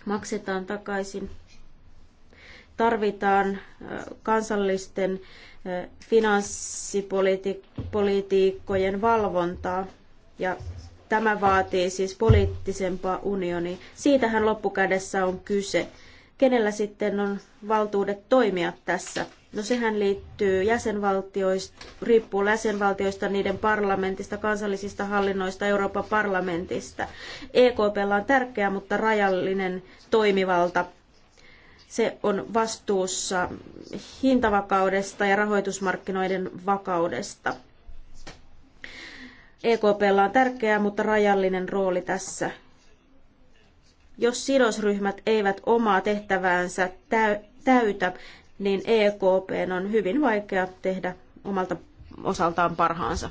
Speaker 1: maksetaan takaisin. Tarvitaan kansallisten finanssipolitiikkojen valvontaa ja tämä vaatii siis poliittisempaa unionia. Siitähän loppukädessä on kyse. Kenellä sitten on valtuudet toimia tässä No sehän liittyy jäsenvaltioista, riippuu jäsenvaltioista, niiden parlamentista, kansallisista hallinnoista, Euroopan parlamentista. EKPlla on tärkeä, mutta rajallinen toimivalta. Se on vastuussa hintavakaudesta ja rahoitusmarkkinoiden vakaudesta. EKPlla on tärkeä, mutta rajallinen rooli tässä jos sidosryhmät eivät omaa tehtäväänsä täytä, niin EKP on hyvin vaikea tehdä omalta osaltaan parhaansa.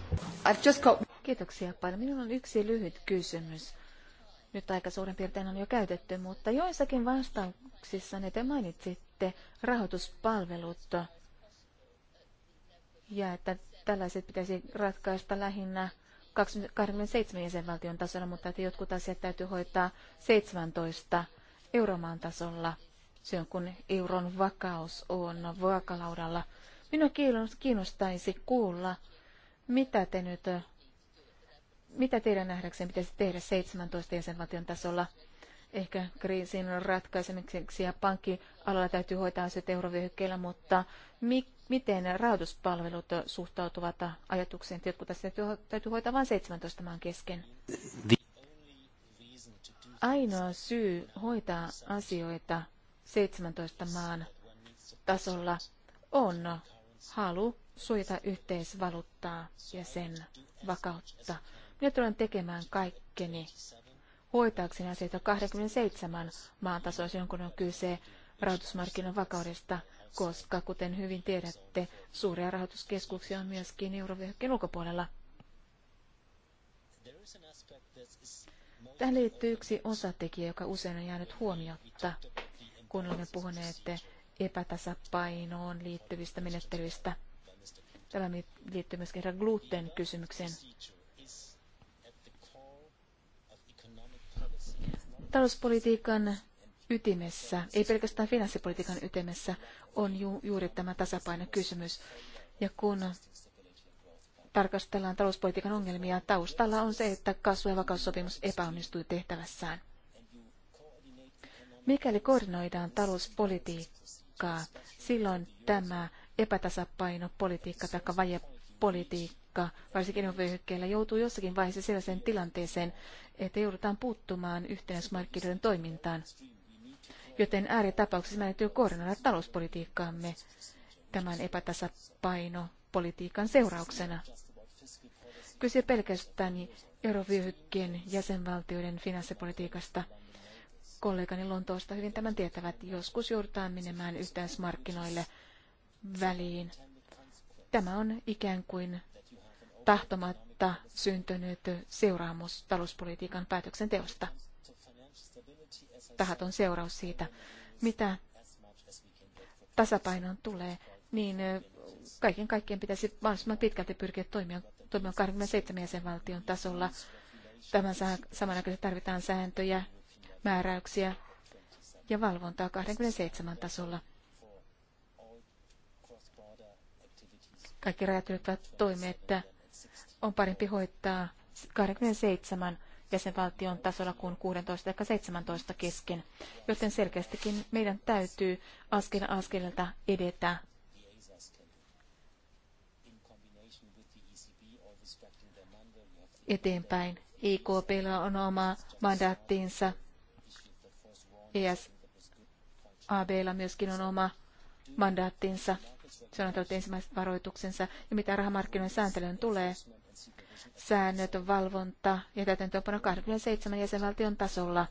Speaker 2: I've just got... Kiitoksia paljon. Minulla on yksi lyhyt kysymys. Nyt aika suurin piirtein on jo käytetty, mutta joissakin vastauksissa ne te mainitsitte rahoituspalvelut ja että tällaiset pitäisi ratkaista lähinnä 27 jäsenvaltion tasolla, mutta että jotkut asiat täytyy hoitaa 17 euromaan tasolla silloin kun euron vakaus on vaakalaudalla. Minua kiinnostaisi kuulla, mitä te nyt, mitä teidän nähdäkseen pitäisi tehdä 17 jäsenvaltion tasolla ehkä kriisin ratkaisemiseksi ja pankkialalla täytyy hoitaa se eurovyöhykkeellä, mutta mi- miten rahoituspalvelut suhtautuvat ajatukseen, että täytyy, ho- täytyy hoitaa vain 17 maan kesken? Ainoa syy hoitaa asioita 17 maan tasolla on halu suojata yhteisvaluuttaa ja sen vakautta. Minä tulen tekemään kaikkeni hoitaakseni asioita 27 maan tasoisin, kun on kyse rahoitusmarkkinan vakaudesta, koska kuten hyvin tiedätte, suuria rahoituskeskuksia on myöskin eurovyöhykkeen ulkopuolella. Tähän liittyy yksi osatekijä, joka usein on jäänyt huomiotta kun olemme puhuneet epätasapainoon liittyvistä menettelyistä. Tämä liittyy myös kerran gluten kysymykseen. Talouspolitiikan ytimessä, ei pelkästään finanssipolitiikan ytimessä, on ju- juuri tämä tasapainokysymys. Ja kun tarkastellaan talouspolitiikan ongelmia, taustalla on se, että kasvu- ja vakaussopimus epäonnistui tehtävässään. Mikäli koordinoidaan talouspolitiikkaa, silloin tämä epätasapaino politiikka tai vajepolitiikka, varsinkin EU-vyöhykkeellä, joutuu jossakin vaiheessa sellaiseen tilanteeseen, että joudutaan puuttumaan yhteismarkkinoiden toimintaan. Joten ääritapauksessa meidän täytyy koordinoida talouspolitiikkaamme tämän epätasapaino politiikan seurauksena. Kyse pelkästään eurovyöhykkien jäsenvaltioiden finanssipolitiikasta – kollegani Lontoosta hyvin tämän tietävät. Joskus joudutaan menemään yhteismarkkinoille väliin. Tämä on ikään kuin tahtomatta syntynyt seuraamus talouspolitiikan päätöksenteosta. Tahaton seuraus siitä, mitä tasapainon tulee, niin kaiken kaikkien pitäisi mahdollisimman pitkälti pyrkiä toimia, toimimaan 27 jäsenvaltion tasolla. Tämän samanaikaisesti tarvitaan sääntöjä,
Speaker 4: määräyksiä ja valvontaa 27 tasolla.
Speaker 2: Kaikki rajat ylittävät että on parempi hoitaa 27 jäsenvaltion tasolla kuin 16 ja 17 kesken, joten selkeästikin meidän täytyy askel askelelta edetä
Speaker 4: eteenpäin.
Speaker 2: IKP e on oma mandaattiinsa
Speaker 4: ESABlla
Speaker 2: myöskin on oma mandaattinsa. Se on antanut ensimmäiset varoituksensa. Ja mitä rahamarkkinoiden sääntelyyn tulee, säännöt, valvonta ja täytäntöönpano 27 jäsenvaltion tasolla.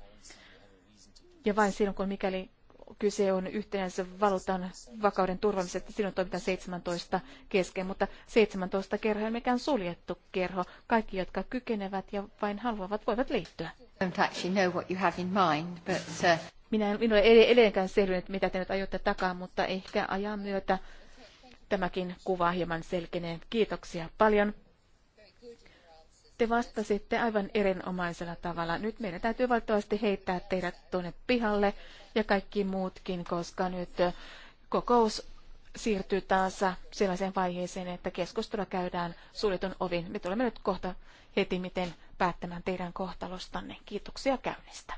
Speaker 2: Ja vain silloin, kun mikäli kyse on yhtenäisen valuutan vakauden turvaamisesta, silloin toimitaan 17 kesken, mutta 17 kerho ei mikään suljettu kerho. Kaikki, jotka kykenevät ja vain haluavat, voivat liittyä. Uh, Minä en, minulle ei edelleenkään selvinnyt, mitä te nyt aiotte takaa, mutta ehkä ajan myötä tämäkin kuva hieman selkenee. Kiitoksia paljon te vastasitte aivan erinomaisella tavalla. Nyt meidän täytyy valtavasti heittää teidät tuonne pihalle ja kaikki muutkin, koska nyt kokous siirtyy taas sellaiseen vaiheeseen, että keskustelua käydään suljetun ovin. Me tulemme nyt kohta heti miten päättämään teidän kohtalostanne. Kiitoksia käynnistä.